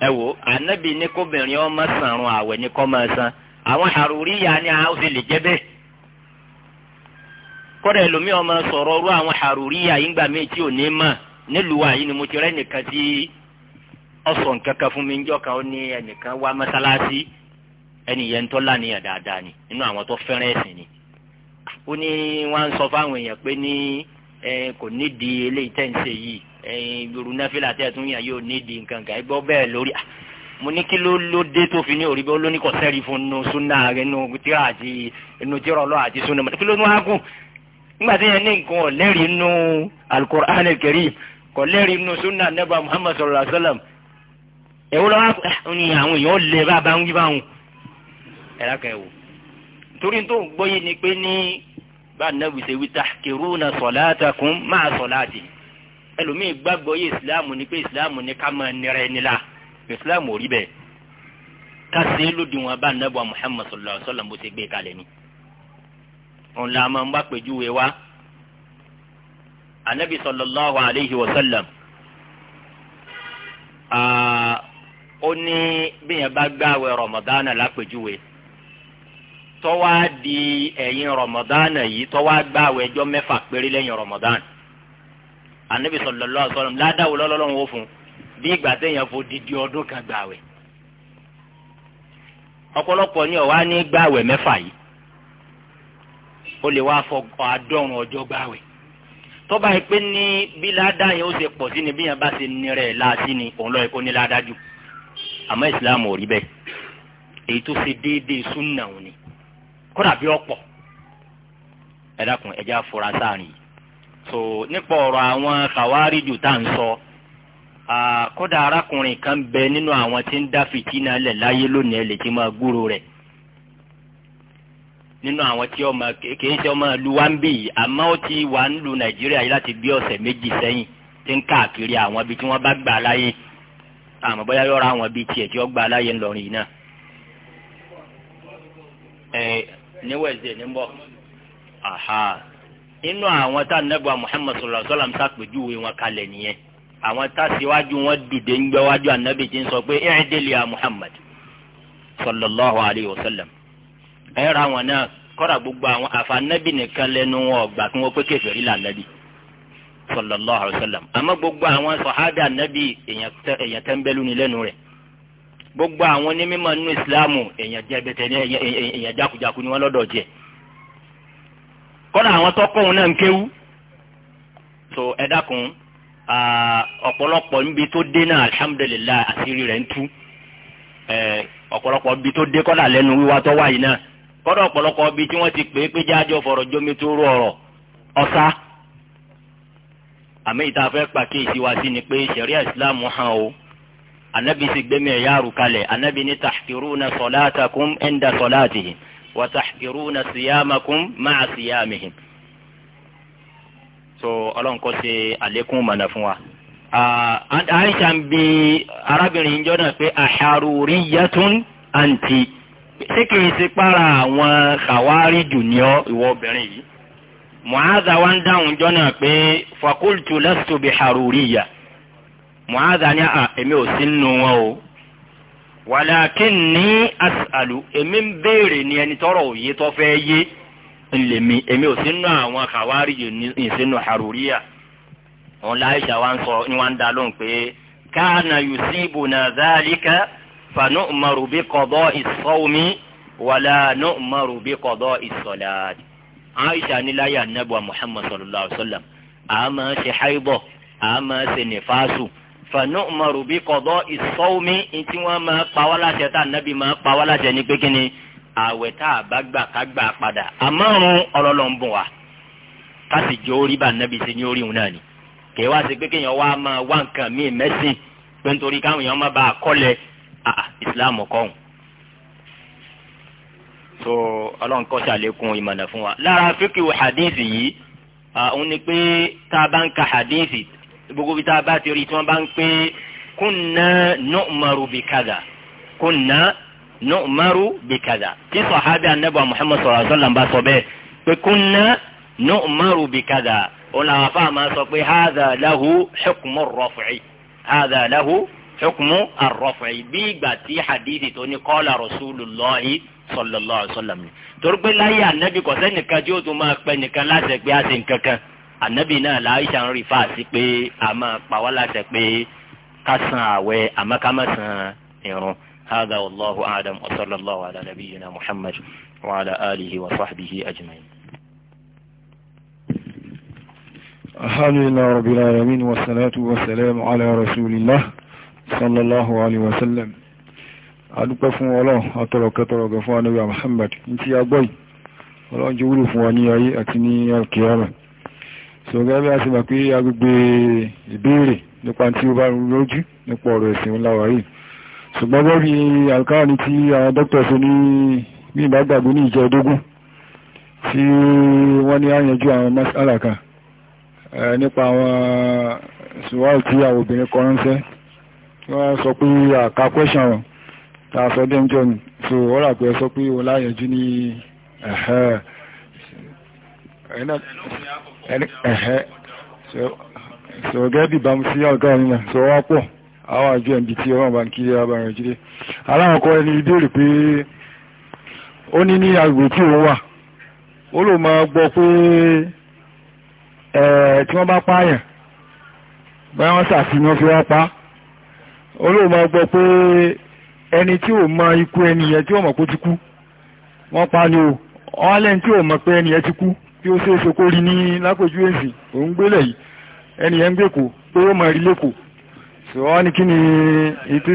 ẹ wò ànábì ní kóbìnrin ọmọ sàrùn àwẹ̀ ní kọ́ máa san àwọn àrùríyà ni àwọn lè jẹ́ bẹ́ẹ̀ kọ́dà ẹlòmíì ọmọ sọ̀rọ̀ ru àwọn àrùríyà yìí tí ò ní mà nílùú àyín ni mo ti rẹ́ nìkan tí fún mi ń kan ó ní ẹnìkan wá mọ́sálásí ẹnì yẹn lánìyàn dáadáa ẹ̀yin gbòòrò náfìlà tẹ́ ẹ tún yàn yóò nídìí nǹkan kan ẹ gbọ́ bẹ́ẹ̀ lórí ah, mo ní kí ló ló dé tó fi ní orí bẹ́ẹ̀ ó ló ní kò sẹ́rí fún inú súnà rẹ inú tíra àti inú tíra ọlọ́ àti súnà mọ̀ kí ló ní wá gùn nígbà tí yẹn ní nǹkan ọ̀lẹ́rìí inú alukur'an kẹrì kò lẹ́rìí súnà nẹ́bà muhammad sallallahu alayhi wa sallam ẹ̀wọ́ lọ́wọ́ ah, ni àwọn èèyàn lè bá a bá ń wí báwọn ẹ̀rá kan ẹ̀wò torí tó ń gbọ́ yìí ni pé ní bá a náà wí ṣe wí ẹlòmíì gbàgbọ́ yé ìsìláàmù ni pé ìsìláàmù ni ká máa nira ẹni la ìsìláàmù ò rí bẹ́ẹ̀ ká ṣe é lòdì wọn bá nàbọ̀ Muhammad sallallahu alaihi wasallam bó ṣe gbé e kalẹ̀ ni. òun la máa ń bá pèjúwe wa anabi sallallahu alaihi wasallam ó ní bí yẹn bá gbààwẹ̀ Ramadana lápèjúwe tọ́wá di ẹ̀yìn Ramadana yìí tọ́wá gbààwẹ̀ ọjọ́ mẹ́fà péré lẹ́yìn Ramadana anabi sallallahu alaihi wasallam ládàwọ lọlọlọrun wò fún bí ìgbà téèyàn fò dídí ọdún kan gbààwẹ̀ ọ̀pọ̀lọpọ̀ ni ọwá ní gbààwẹ̀ mẹ́fà yìí ó lè wá fọ àádọ́rùn ọjọ́ gbààwẹ̀ tọ́ba yìí pé ní bí ládàá yẹn ó ṣe pọ̀ sí ni bí yẹn bá ṣe nírẹ̀ láàṣì ni òun lọ́ọ́ yẹ kó ní ládàá jù àmọ́ ìsìlámù ò rí bẹ́ẹ̀ èyí tó ṣe déédéé súnà òun ni kódà bí ọ̀pọ̀ ẹ dákun ẹ já fura so nípa ọ̀rọ̀ àwọn kàwáríjù tá à ń sọ kódà arákùnrin kan bẹ nínú àwọn tí ń dá fìtínà lẹ̀ láyé lónìí ẹ̀ lè ti máa gbúrò rẹ̀ nínú àwọn tí ọmọ kìí ṣe ọmọ ìlú wa ń bì yìí àmọ́ ó ti wà ń lu nàìjíríà yìí láti bí ọ̀sẹ̀ méjì sẹ́yìn tí ń káàkiri àwọn ibi tí wọ́n bá gbà láyé àmọ́ bóyá yọ̀rọ̀ àwọn ibi tiẹ̀ tí wọ́n gbà láyé ńlọrin yìí náà. ẹ ní wẹ̀sẹ̀ ní bọ̀ aha inú àwọn tá nẹ́gbà Muhammad sallallahu alaihi wasallam sàpèjúwe wọn kalẹ̀ nìyẹn àwọn tá síwájú wọn dìde ń gbẹ wájú anabi ti ń sọ pé i'dil ya Muhammad sallallahu alaihi wasallam ẹ ra wọn náà kọ́ra gbogbo àwọn àfànẹ́bì nìkan lẹ́nu wọn ọ̀gbà kí wọ́n pé kèfèrí là nẹ́bì sallallahu alaihi wasallam àmọ́ gbogbo àwọn sọ̀hádà nẹ́bì èèyàn tẹ́ńbẹ́lú ni lẹ́nu rẹ̀ gbogbo àwọn onímọ̀ nínú ìsìláàmù èèyàn jẹ́ kọ́dà àwọn tọ́kọ̀ òun náà ń kéwú. so ẹ dákun ọ̀pọ̀lọpọ̀ níbi tó dé náà alhamdulilayi àṣírí rẹ̀ ń tú ọ̀pọ̀lọpọ̀ níbi tó dé kọ́dà lẹ́nu wíwá tó wáyé náà kọ́dà ọ̀pọ̀lọpọ̀ níbi tí wọ́n ti pè é pé jájọ fọ̀rọ̀ jómi tó rú ọ̀rọ̀ ọ̀sá àmì ìta fẹ́ pàkíyèsí wa sí ni pé sẹ̀ríà ìsìláàmù hàn o anabi sì gbẹ́mí ẹ̀yà àrùkalẹ̀ anabi ní tahqiruna salatakum inda wàtàḥkìrúnà síyámakùn máa síyámihìn. so ọlọ́run kó ṣe àlékún mọ̀nà fún wa. Aisha ń bi arábìnrin ìjọ náà pé aharuriyyatun àǹtí ṣé kìí ṣe para àwọn kàwárí jù ní ọ ìwọ obìnrin yìí. Mu'adha wa ń dáhùn ìjọ náà pé fakultu lastu biharuriyya. Mu'adha ní èmi ò sí nínú wọn o walakinni as'alu èmi ń béèrè ni ẹni tọrọ òye tó fẹ́ yé ńlẹ̀mí èmi ò sínú àwọn kàwárí yìí sínú haruriya wọn láìsà wa ń sọ ni wọn ń da lóhùn pé kana yusibuna dhalika fanu'maru bi qada'i sawmi wala nu'maru bi qada'i salat aisha níláyà anabuwa muhammad sallallahu alaihi wa sallam àmọ́ ṣe haibọ̀ àmọ́ ṣe nífàásù fanu'maru bi qada'i sawmi ntí wọ́n ma pa wá láṣẹ nabi ma máa pa wá láṣẹ ní pé kí ni àwẹ̀ tá a bá gbà ká gbà padà àmọ́run ọlọ́lọ́ ń bùn wa ká sì jẹ́ orí bá ànábì sí ní orí òun náà ni kì í wá sí pé kéèyàn wá máa wá nǹkan míì mẹ́sìn pé nítorí káwọn èèyàn má bá a kọ́lẹ̀ àà islam kọ́hùn. so ọlọ́run kọ́ sàlékún ìmọ̀nà fún wa lára fíkì hadith yìí òun ni pé tá a bá ń ka hadith gbogbo bí tá a bá ti rí tí wọ́n bá ń pè kunna nu'maru bi kada kunna nu'maru bi kada tí sọ̀hábì anábọ̀ Muhammad sallallahu alaihi wasallam bá sọ bẹ́ẹ̀ pé kunna nu'maru bi kada òun làwọn afáà máa sọ pé hadha lahu hukmu raf'i hadha lahu hukmu ar-raf'i bí ìgbà tí hadithi tó ní qala rasulullahi sallallahu alaihi ni torí pé láyé anábì kọ̀sẹ́ nìkan tí ó tún máa pẹ́ nìkan láti ẹgbẹ́ àti nǹkan kan ànábì náà làáṣà ń rí fáàsì pé a máa pa wá láṣẹ pé ká san àwẹ̀ àmọ́ ká má san irun hadha wallahu a'lam wa sallallahu ala nabiyyina muhammad wa ala alihi wa sahbihi ajma'in. alhamdulillah rabbil alamin wa salatu wa salam ala rasulillah sallallahu alaihi wa sallam adúpẹ́ fún ọlọ́run atọ̀rọ̀kẹtọ̀rọ̀gẹ̀ fún anábì muhammad ní ti agbọ́yì ọlọ́run jẹ́ wúlò fún wa sọ̀rọ̀ bí a ṣe mọ̀ pé agbègbè ìbéèrè nípa tí ó bá ń lójú nípa ọ̀rọ̀ ẹ̀sìn ńláwà yìí ṣùgbọ́n bọ́ bí alkawa ní tí àwọn dókítà ṣe ní bí ìbágbàgbé ní ìjọ ọdógún tí wọ́n ní àyànjú àwọn masala kan nípa àwọn sùwárù tí àwọn obìnrin kọ ránṣẹ́ wọ́n sọ pé àka kwẹ́ṣàn wọn ta sọ dé ǹjọ́ ni so wọ́n rà sọ pé òun láyànjú ní ẹ̀hẹ́ ẹ̀hẹ́ ẹ̀hẹ́ sọ gẹ́gẹ́ bí ìbámu sí ọ̀gá mi náà sọ wá pọ̀ àwọn àjọ ẹ̀mí tí ọlọ́run bá ń kiri abàrùn jíde aláwọn kọ́ ẹni ìbéèrè pé ó ní ní agbègbè tí òun wà ó lò máa gbọ́ pé tí wọ́n bá pààyàn báyọ̀ wọ́n ṣàfihàn fi wá pa ó lò máa gbọ́ pé ẹni tí ò mọ ikú ẹni yẹn tí ò mọ̀ pé ó ti kú wọ́n pa ni o ọ̀hún tí ò mọ̀ pé ẹni yẹn ti kú. kí ó ṣeé ṣe kó rí ní lápòjú èsì òun gbélé yìí ẹni yẹn ń gbé kó pé ó máa rí lẹ́kọ̀ọ́ ṣùgbọ́n ní kí ni ètò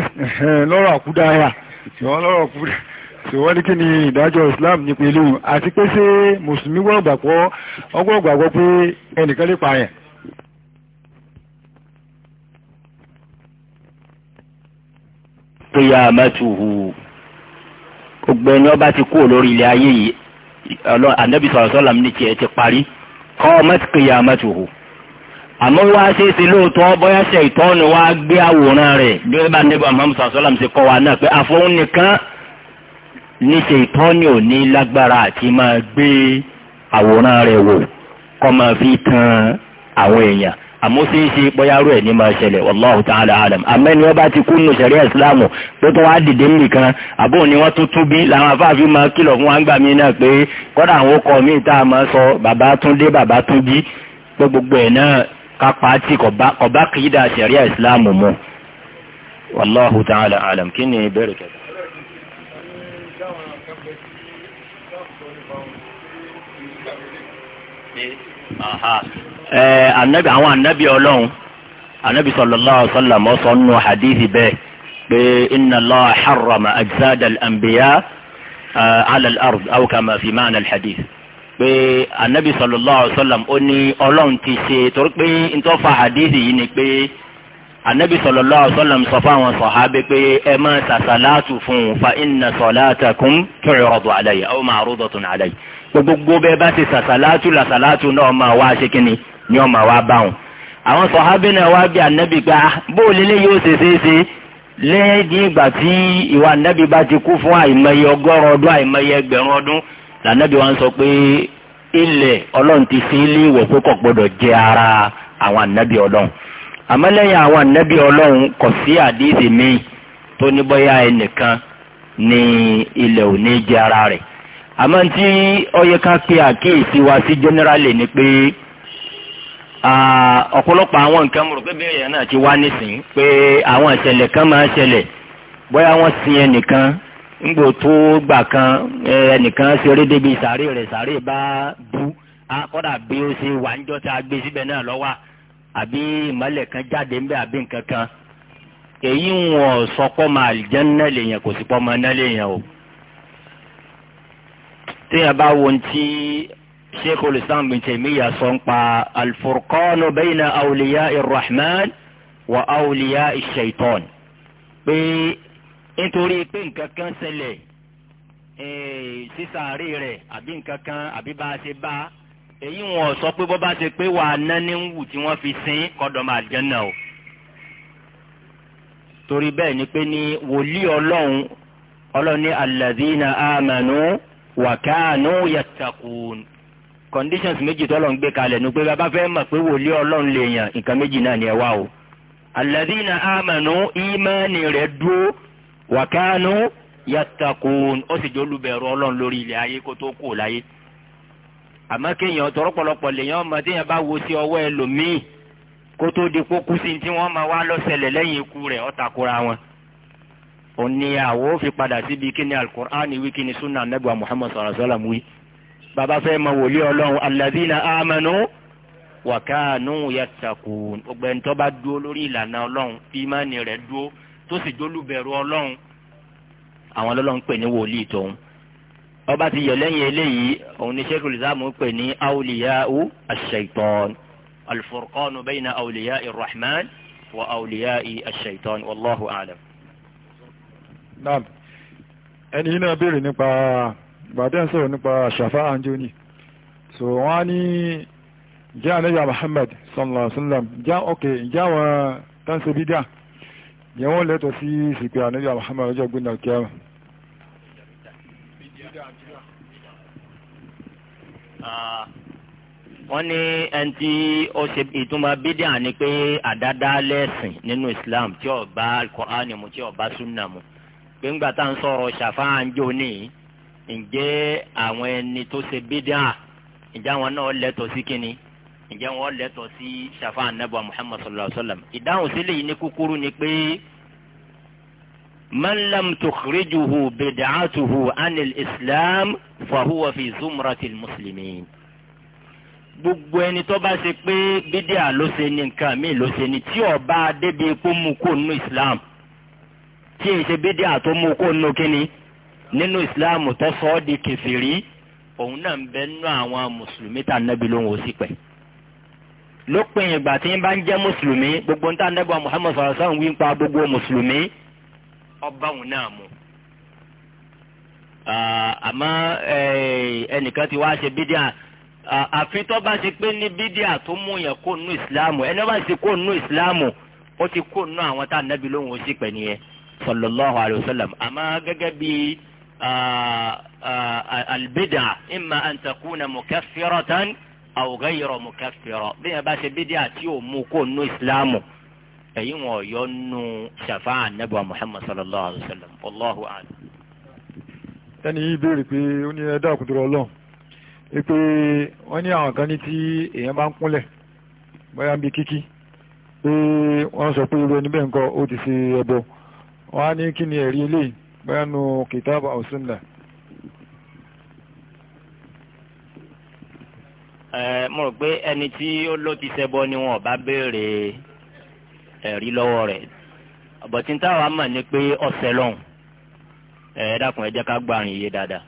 lọ́rọ̀ ṣùgbọ́n lọ́rọ̀ ṣùgbọ́n ní kí ni ìdájọ́ Islam ní pẹ̀lú àti pé ṣé mùsùlùmí gbọ́gbàgbọ́ ọgbọ́gbàgbọ́ pé ẹnìkan lè pààyàn. gbogbo ẹni ọba ti lórí ayé yìí anabi sọ̀rọ̀ sọ́lá ní tiẹ̀ ti parí kọ́ mẹ́tìkìyà mẹ́tìhù àmọ́ wá ṣe é ṣe lóòótọ́ bóyá ṣe ìtọ́nu wá gbé àwòrán rẹ̀ bí wọ́n bá níbo àmọ́ sọ̀rọ̀ sọ́lá ṣe kọ́ wa náà pé àfọwọ́n nìkan ní ṣe ìtọ́ni ò ní lágbára àti máa gbé àwòrán rẹ̀ wò kọ́ máa fi tan àwọn èèyàn àmọ́ ṣe é ṣe pọ́yárò ẹ̀ ní máa ṣẹlẹ̀ wallahu ta'ala alam àmọ́ ni wọ́n bá ti kú nù sẹ̀rí ẹ̀sìláàmù tó tún wáá dìde nìkan àbò ni wọ́n tún tún bí làwọn afáàfin máa kìlọ̀ fún wa ń gbà mí náà pé kọ́dà àwọn ọkọ̀ mi tá máa sọ bàbá tún dé bàbá tún bí pé gbogbo ẹ̀ náà kápá tí kò bá kì í da sẹ̀rí ẹ̀sìláàmù mu wallahu ta'ala alam kí ni ìbéèrè kẹta. Aha anabi àwọn anabi ọlọ́run anabi sallallahu alaihi wasallam ọsọ nù hadithi bẹ́ẹ̀ pé inna Allah harrama ajzada al-anbiya ala al-ard aw kama fi ma'na al-hadith pé anabi sallallahu alaihi wasallam ó ní ọlọ́run ti ṣe torí pé ntọ́fà hadithi yìí ni pé anabi sallallahu alaihi wasallam sọ fáwọn sọ̀hábẹ́ pé ẹ máa sàṣàlátù fún un fa inna salatakum tu'radu alayya aw ma'rudatun alayya gbogbo bẹ́ẹ̀ bá ti sàṣàlátù làṣàlátù náà máa wá ṣe kínni ni ọmọ wa bá wọn. àwọn sọ̀hábí náà wá bí ànábì gbà ah, bóò lélẹ́ yóò ṣe ṣe ṣe lẹ́yìn ìgbà tí ìwà ànábì bá ti kú fún àìmọye ọgọ́rùn ọdún àìmọye ẹgbẹ̀rún ọdún lànábì wa ń sọ pé ilẹ̀ ọlọ́run ti fi ilé ìwọ̀ pé kò gbọ́dọ̀ jẹ ara àwọn ànábì ọlọ́run àmọ́ lẹ́yìn àwọn ànábì ọlọ́run kò sí àdíìsì míì tó ní bọ́yá ẹnìkan ní ilẹ̀ ò ní jẹ ara rẹ̀ àmọ́ tí ó yẹ àkíyèsí wa sí generally ni pé. Si ọ̀pọ̀lọpọ̀ àwọn nǹkan mo rò pé bẹ́ẹ̀ yẹn náà ti wá nísìnyí pé àwọn ìṣẹ̀lẹ̀ kan máa ń ṣẹlẹ̀ bóyá wọ́n sin ẹnìkan ńgbò tó gbà kan ẹnìkan ṣeré débi sàárè rẹ̀ sàárè bá bú akọ́dà bí ó ṣe wà níjọ́ tá a gbé síbẹ̀ náà lọ́wọ́ àbí ìmọ̀lẹ̀ kan jáde ńbẹ́ àbí nǹkan kan èyí ń wọ̀ sọpọ́ máa jẹ́nà lèèyàn kò sí pọ́ máa ná lèèyàn o téèyàn bá wo ti Sheikhul Islam bin Taymiyyah sọ ń pa al-Furqanu bayna awliya'i rahman wa awliya'i shaitan pé nítorí pé nǹkan kan ṣẹlẹ̀ sísàárì rẹ̀ àbí nǹkan kan àbí bá a ṣe bá èyí wọn sọ pé bọ́ bá ṣe pé wàá nání wù tí wọ́n fi sin kọ́dọ̀mọ àlùjánnà o torí bẹ́ẹ̀ ni pé ní wòlíì ọlọ́run ọlọ́run ní alladhina amanu wa kanu conditions méjì tọ́lọ̀ ń gbé kalẹ̀ nu pé bàbá fẹ́ mọ̀ pé wòlíì ọlọ́run lè yàn nǹkan méjì náà ni ẹ wá o. alladhina amanu ìmánì rẹ̀ dúró wa kanu yattaqun ó sì jólúbẹ̀rù ọlọ́run lórí ilẹ̀ ayé kó tó kù láyé. àmọ́ kéèyàn tọ́rọ́pọ̀lọpọ̀ lèèyàn ọmọ téèyàn bá wo sí ọwọ́ ẹlòmíì kó tó di kó kú sí tí wọ́n máa wá lọ́sẹ̀lẹ̀ lẹ́yìn ikú rẹ̀ ó wọn. òní fi padà síbi kíni alukur'an wí kíni sunna nebà muhammad sallallahu alayhi wa sallam wí bàbá fẹ́ mọ wòlíì ọlọ́run alladhina amanu wa kanu yattaqun gbogbo ẹni tó bá dúró lórí ìlànà ọlọ́run tí ìmánì rẹ̀ dúró tó sì jólúbẹ̀rù ọlọ́run àwọn ọlọ́run pè ní wòlíì tóun ọba ti yọ lẹ́yìn eléyìí òun ni sheikh olùdámù pè ní awliya'u ash-shaytan al-furqanu rahman wa awliya'i ash-shaytan a'lam. ẹni yìí náà béèrè nípa gbàtẹ́ sọ̀rọ̀ nípa àṣàfà àjọyìn so wọ́n á ní ìjà àlẹ́yà Muhammad sallallahu alaihi wasallam ìjà òkè ìjà wọn tánṣe bídà ìyẹn wọ́n lẹ́tọ̀ sí ìsìnkú àlẹ́yà Muhammad ọjọ́ gbé náà kíá. wọ́n ní ẹni tí ó ṣe ìtumọ̀ bídà ni pé àdáda lẹ́sìn nínú Islam tí ó bá Al-Qur'ani mu tí ó bá súnà mu pé ńgbà tá à ń sọ̀rọ̀ ṣàfà àjọyìn ǹjẹ́ àwọn ẹni tó ṣe bídà ǹjẹ́ àwọn náà lẹ́tọ̀ọ́ sí kínní ǹjẹ́ wọ́n lẹ́tọ̀ọ́ sí ṣàfà anábọ̀ muhammad sallallahu alayhi wa sallam ìdáhùn sílẹ̀ yìí ní kúkúrú ni pé man lam tukhrijuhu bid'atuhu anil islam fahuwa fi zumratil muslimin gbogbo ẹni tó bá ṣe pé bídíà ló ṣe ní nǹkan míì ló ṣe ní tí ọba débi kó mú kó nínú islam tí èyí ṣe bídíà tó mú kó nínú kínní nínú ìsìláàmù tó sọ ọ́ di kẹfìrí òun náà ń bẹ nínú àwọn mùsùlùmí tá nẹ́bi lóhùn ó sì pẹ́ lópin ìgbà tí ń bá ń jẹ́ mùsùlùmí gbogbo ń tá nẹ́bi wa Muhammad sallallahu alaihi wasallam wí ń pa gbogbo mùsùlùmí ọba òun náà mu àmọ́ ẹnìkan ti wá ṣe bídíà àfi tó bá ṣe pé ní bídíà tó mú yẹn kó nínú ìsìláàmù ẹni bá ṣe kó nínú ìsìláàmù ó ti kó nínú àwọn tá nẹ́bi lóhùn ó sì pẹ́ nìyẹn sallallahu alaihi wasallam àmọ́ gẹ́gẹ́ bíi albidà imma an takuna mukaffiratan aw ghayra mukaffira bí yẹn bá ṣe bídíà tí ò mú kó nu ìsìláàmù èyí wọn yọ nu ṣàfáà nàbà muhammad sallallahu alayhi wa sallam wallahu a'lam. ẹni yìí béèrè pé ó ní ẹ dáàkú dúró ọlọ́run ẹ pé wọ́n ní àwọn kan ní tí èèyàn bá ń kúnlẹ̀ bóyá ń bi kíkí pé wọ́n sọ pé irú ẹni bẹ́ẹ̀ ń kọ́ ó ti ṣe ẹbọ wọ́n á ní kí ni ẹ̀rí eléyìí bẹ́ẹ̀nu كتاب aw sunnah mo rò pé ẹni tí ó ló ti ṣẹbọ ni wọn bá béèrè ẹ̀rí lọ́wọ́ rẹ̀ bọ̀tí táwa mọ̀ ni pé ọ̀sẹ̀ lọ́hùn ẹ dákun ẹ jẹ́ ká gbàrin yé dáadáa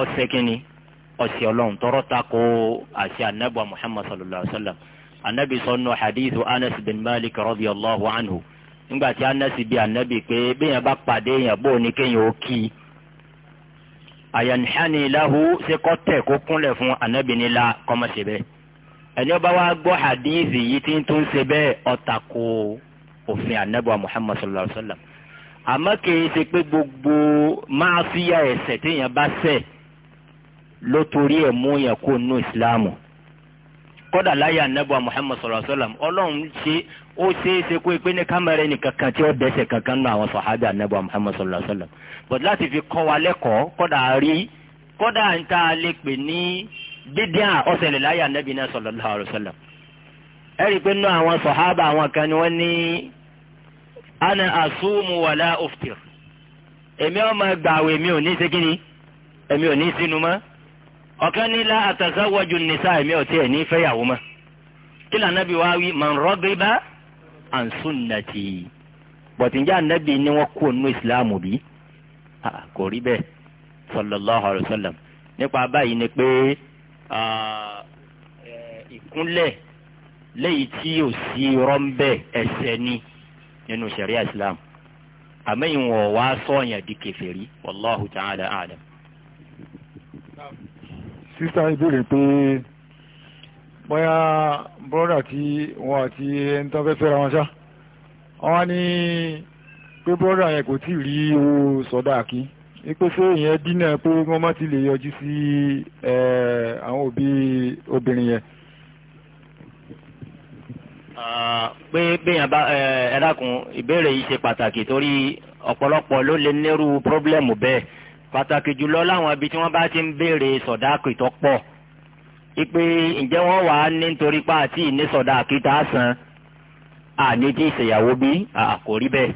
ọ̀sẹ̀ kínní ọ̀sẹ̀ ọlọ́hùn tọrọ ta ko àṣẹ anabi muhammad sallallahu alaihi wa sallam anabi sọnù hadithu anas bin malik radiyallahu anhu nígbà tí anasi bíi anabi pé béèyàn bá pàdé èèyàn bó ní kéèyàn ó kí i àyànìhánì ìlàhù ṣe kọ́ tẹ̀ kó kúnlẹ̀ fún anabi nílá kọ́mọ̀ṣe bẹ́ẹ̀ ẹni ọba wa gbọ́ hadithi yìí tí ń tún ṣe bẹ́ẹ̀ ọ̀tà òfin anabi muhammad sallallahu alayhi wa sallam àmọ́ kìí ṣe pé gbogbo máa fíyà ẹ̀ṣẹ̀ téèyàn bá ṣẹ̀ ló torí ẹ̀ mú yẹn kó nù ìsìláàmù kódà láyé anabi muhammad sallallahu alayhi wa sallam ọlọ́run ṣe ó ṣeé ṣe kó pé ní kámẹ́rà ẹni kankan tí ó dẹ́sẹ̀ kankan nínú àwọn sọ̀hábì ànábì Muhammad sallallahu alayhi wa sallam but láti fi kọ́ wa lẹ́kọ̀ọ́ kọ́dà rí kọ́dà ń tá a lè pè ní bídíà ọ̀sẹ̀lẹ̀ láyé ànábì náà sallallahu alayhi wa sallam ẹ rí i pé nínú àwọn sọ̀hábà àwọn kan ni wọ́n ní ana asumu wala uftir èmi ọmọ gbàwé mi ò ní ṣe kí ni èmi ò ní sínú mọ́ ọ̀kan ní la àtàzáwọ́jú nìsa èmi ò tiẹ̀ ní fẹ́yàwó mọ́ kí lànà bí wí man an sunnati bọ̀tìjà anabi ni wọ́n kó nínú ìsìláàmù bí kò rí bẹ́ẹ̀ sallallahu alayhi wa sallam nípa báyìí ni pé ìkúnlẹ̀ léyìí tí ò sí rọ́ńbẹ́ ẹ̀ṣẹ̀ ni nínú sẹ̀ríà islam àmẹ́yìn wọ̀ wá sọ̀yàn di kèfèrí wallahu ta'ala a'lam. sísá ìbéèrè pé bóyá bọ́dà tí wọn àti ẹni tán fẹ́ fẹ́ra wọn ṣá wọn wá ní pé bọ́dà yẹn kò tí ì rí owó sọ̀dà kí ipò pé ìyẹn dínà pé wọ́n má ti lè yọjú sí àwọn òbí obìnrin yẹn. pé bẹ́yàn bá ẹ dákun ìbéèrè yìí ṣe pàtàkì torí ọ̀pọ̀lọpọ̀ ló lè nírú pírọ́blẹ́mù bẹ́ẹ̀ pàtàkì jùlọ láwọn ibi tí wọ́n bá ti ń béèrè sọ̀dà kìtọ́pọ̀. So ipe ǹjẹ́ wọ́n wà á ní nítorí pa àti ìnísọ̀dá àkíta san àní tí ìṣèyàwó bí kò rí bẹ́ẹ̀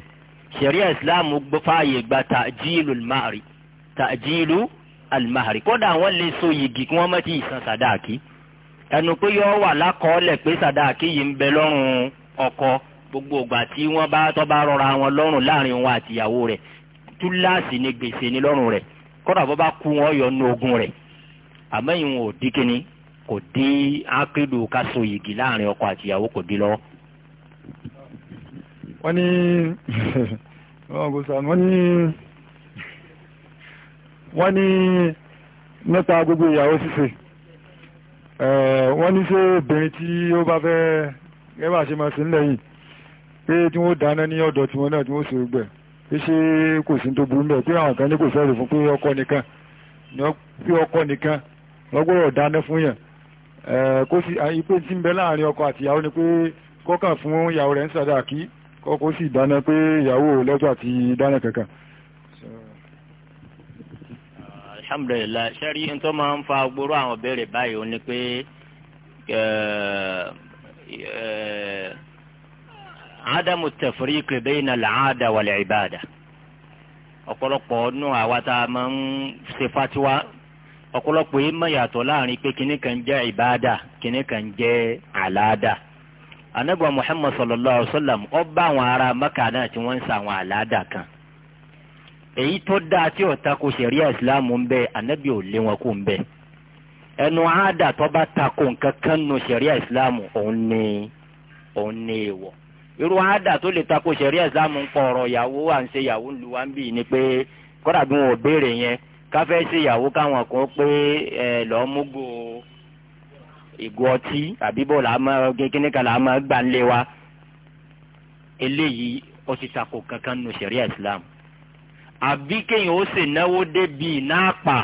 ṣẹ̀ríà islam fààyè gba tàjílù almahari tàjílù almahari kódà wọ́n lè so yìgì kí wọ́n má ti san sàdáàkì ẹnu pé yọ wà lákọọ́lẹ̀ pé sàdáàkì yìí ń bẹ lọ́rùn ọkọ gbogbo ìgbà tí wọ́n bá tọ́ bá rọra wọn lọ́rùn láàrin wọn àtìyàwó rẹ̀ túláàsì ni gbèsè ni lọ́rùn rẹ̀ kódà bó bá kú wọn yọ nu ogun rẹ̀ àmọ́ ìwọn ò dí kò dí ákédù ká so yìgì láàrin ọkọ àti ìyàwó kò dí lọ́wọ́. wọ́n ní wọ́n kò sàn wọ́n ní wọ́n ní nípa gbogbo ìyàwó ṣíṣe wọ́n ní ṣé obìnrin tí ó bá fẹ́ gẹ́gẹ́ bá ṣe máa ṣe ńlẹ̀ yìí pé tí wọ́n dáná ní ọ̀dọ̀ tiwọn náà tí wọ́n ṣe gbẹ̀ pé ṣé kò sí tó burú mẹ́ pé àwọn kan ní kò sọ̀rọ̀ fún pé ọkọ nìkan pé ọkọ nìkan lọ́gbọ́dọ̀ dáná fún yàn kó sì ipe tí ń bẹ láàrin ọkọ àti ìyàwó ni pé kọ́kà fún ìyàwó rẹ̀ ń sàdá kí kọ́kọ́ sì dáná pé ìyàwó lọ́jọ́ àti dáná kankan. alhamdulillah sẹ́rí n tó máa ń fa gbóró àwọn béèrè báyìí ó ní pé adamu tafriq bayna al-aada wal-ibada ọ̀pọ̀lọpọ̀ ọdún àwa tá a máa ń ṣe fatiwa ọ̀pọ̀lọpọ̀ yìí mọ̀ yàtọ̀ láàrin pé kinní kan jẹ́ ìbáadà kinní kan jẹ́ àlàádà anabi muhammad sallallahu alaihi wa sallam ó bá àwọn ará maka náà tí wọ́n ń sa àwọn àlàádà kan èyí tó dáa tí ó tako sẹ̀ríà ìsìláàmù ń bẹ anabi ò lé wọn kó ń bẹ ẹnu àádà tó bá tako nǹkan kan nu sẹ̀ríà ìsìláàmù òun ní òun ní èèwọ̀ irú àádà tó lè tako sẹ̀ríà ìsìláàmù ń pọ̀ ọ̀rọ̀ yàwó à ń ṣe yàwó ń lu wa ń bì ní pé kọ́dà bí wọn ò káfẹ́ ṣe ìyàwó káwọn kan pé ẹ lọ́ọ́ múgò ìgò ọtí àbí bò làá máa kékeré kan làá máa gbà lé wa eléyìí ó ti takò kankan nù sẹ̀ríà Islam àbí kéèyàn ó sì náwó débi náà pa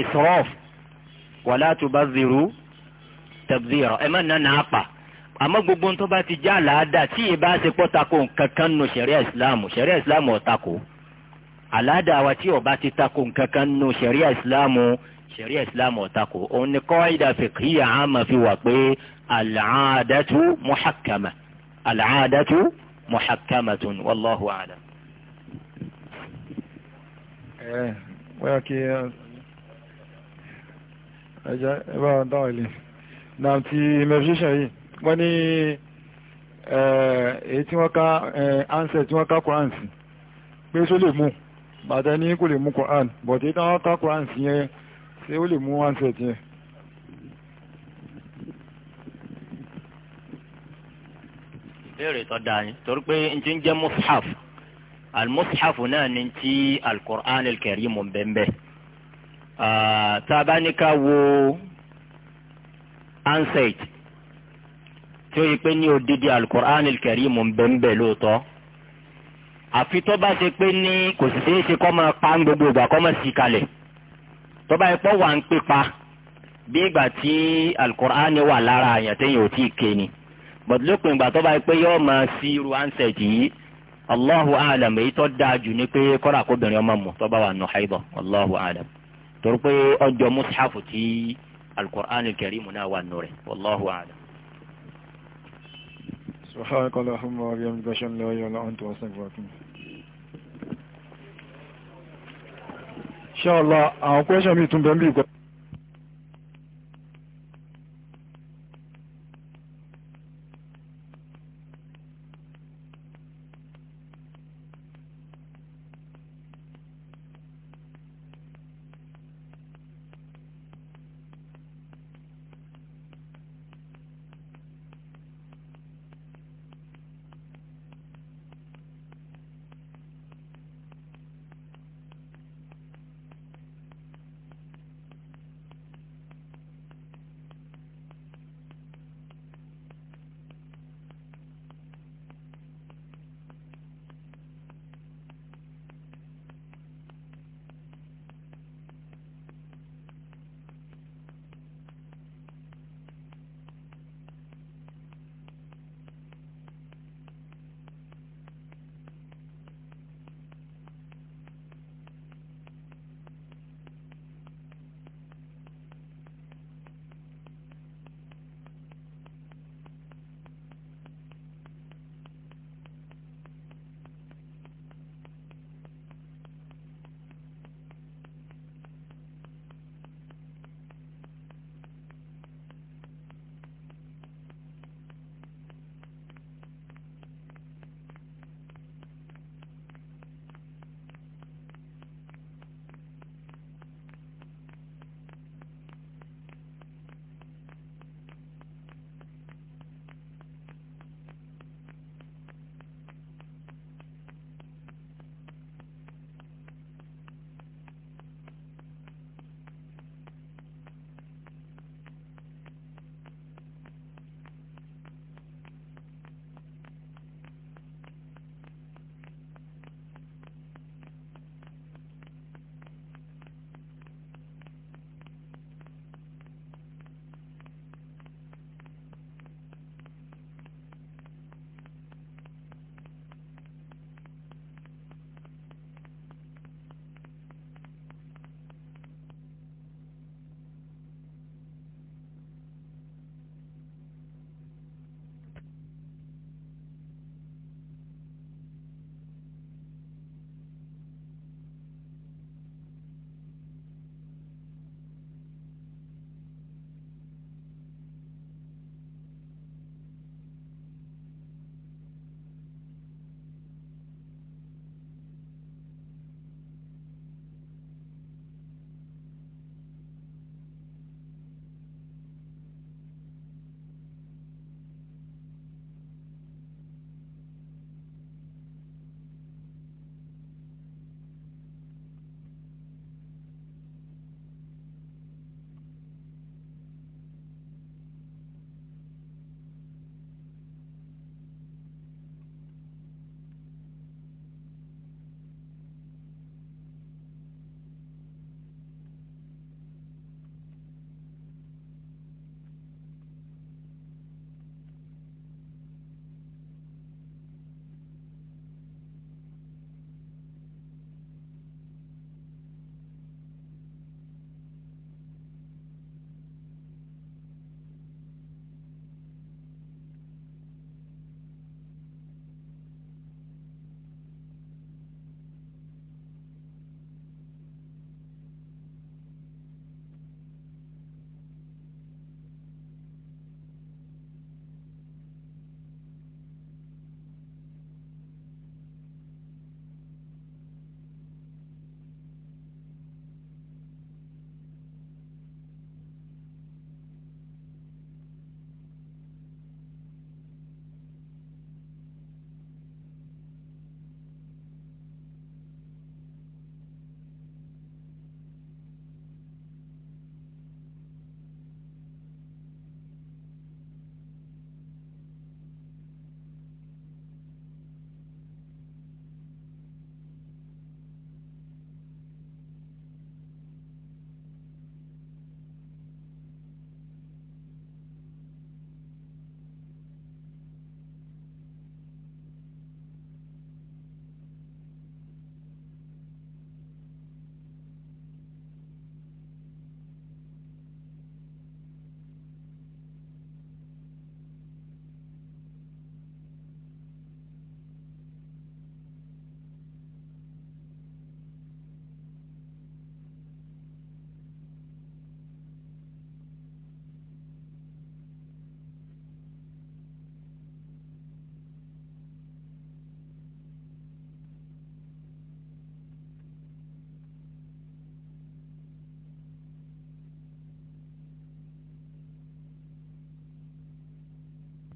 israf wàlá tubaziru tabzira ẹ má nana apa àmọ́ gbogbo ń tó bá ti já làádá tí ì bá ṣe pọ́ tako nǹkan kan nù sẹ̀ríà ìsìláàmù sẹ̀ríà ìsìláàmù ọ̀tako àládà wa tí ó bá ti tako nǹkan kan nù sẹ̀ríà ìsìláàmù sẹ̀ríà ìsìláàmù ò tako òun ni qaida fiqhiyya àmà fi wà pé al-aadatu muhakkama al-aadatu muhakkamatun wallahu a'lam. ẹ wọ́n kí ẹ jẹ́ ẹ bá wọn dáwọ̀ ilé náà ti mẹ́fíṣẹ́ yìí wọ́n ní èyí tí wọ́n ká ansẹ̀ tí wọ́n ká kúránsì pé só lè mú bàtà ní kò lè mú Quran bọ̀tí tí wọ́n ká Quran sí yẹn ṣé ó lè mú one set yẹn. ìbéèrè tó dáa ni torí pé n ti ń jẹ́ mushaf al-mushaf náà ni ti al-Qur'an al mọ̀ bẹ́ẹ̀ tá a bá ní ká wo anseit tí ó yẹ pé ní odidi al-Qur'an al mọ̀ bẹ́ẹ̀ lóòótọ́ àfi tó bá ṣe pé ní kò sì ṣeé ṣe kọ́ máa pa ń gbogbo ìgbà kọ́ máa sì kalẹ̀ tó bá ipò wà ń pè pa bí ìgbà tí alukur'an wà lára àyàn téèyàn ò tí ì ké ni bọ̀dé lópin ìgbà tó bá pé yóò máa sí irú ansẹ̀t yìí allahu alam èyí tó dáa jù ni pé kọ́ra kóbìnrin ọmọ mọ̀ tó bá wà nù haibọ̀ allahu alam torí pé ọjọ́ mushaf ti alukur'an kẹrìmù náà wà nù rẹ̀ allahu alam. سبحانك اللهم وبحمدك اشهد ان لا اله الا انت استغفرك inshallah àwọn kwẹ́sàn mi tún bẹ̀ ń bí ìkọ́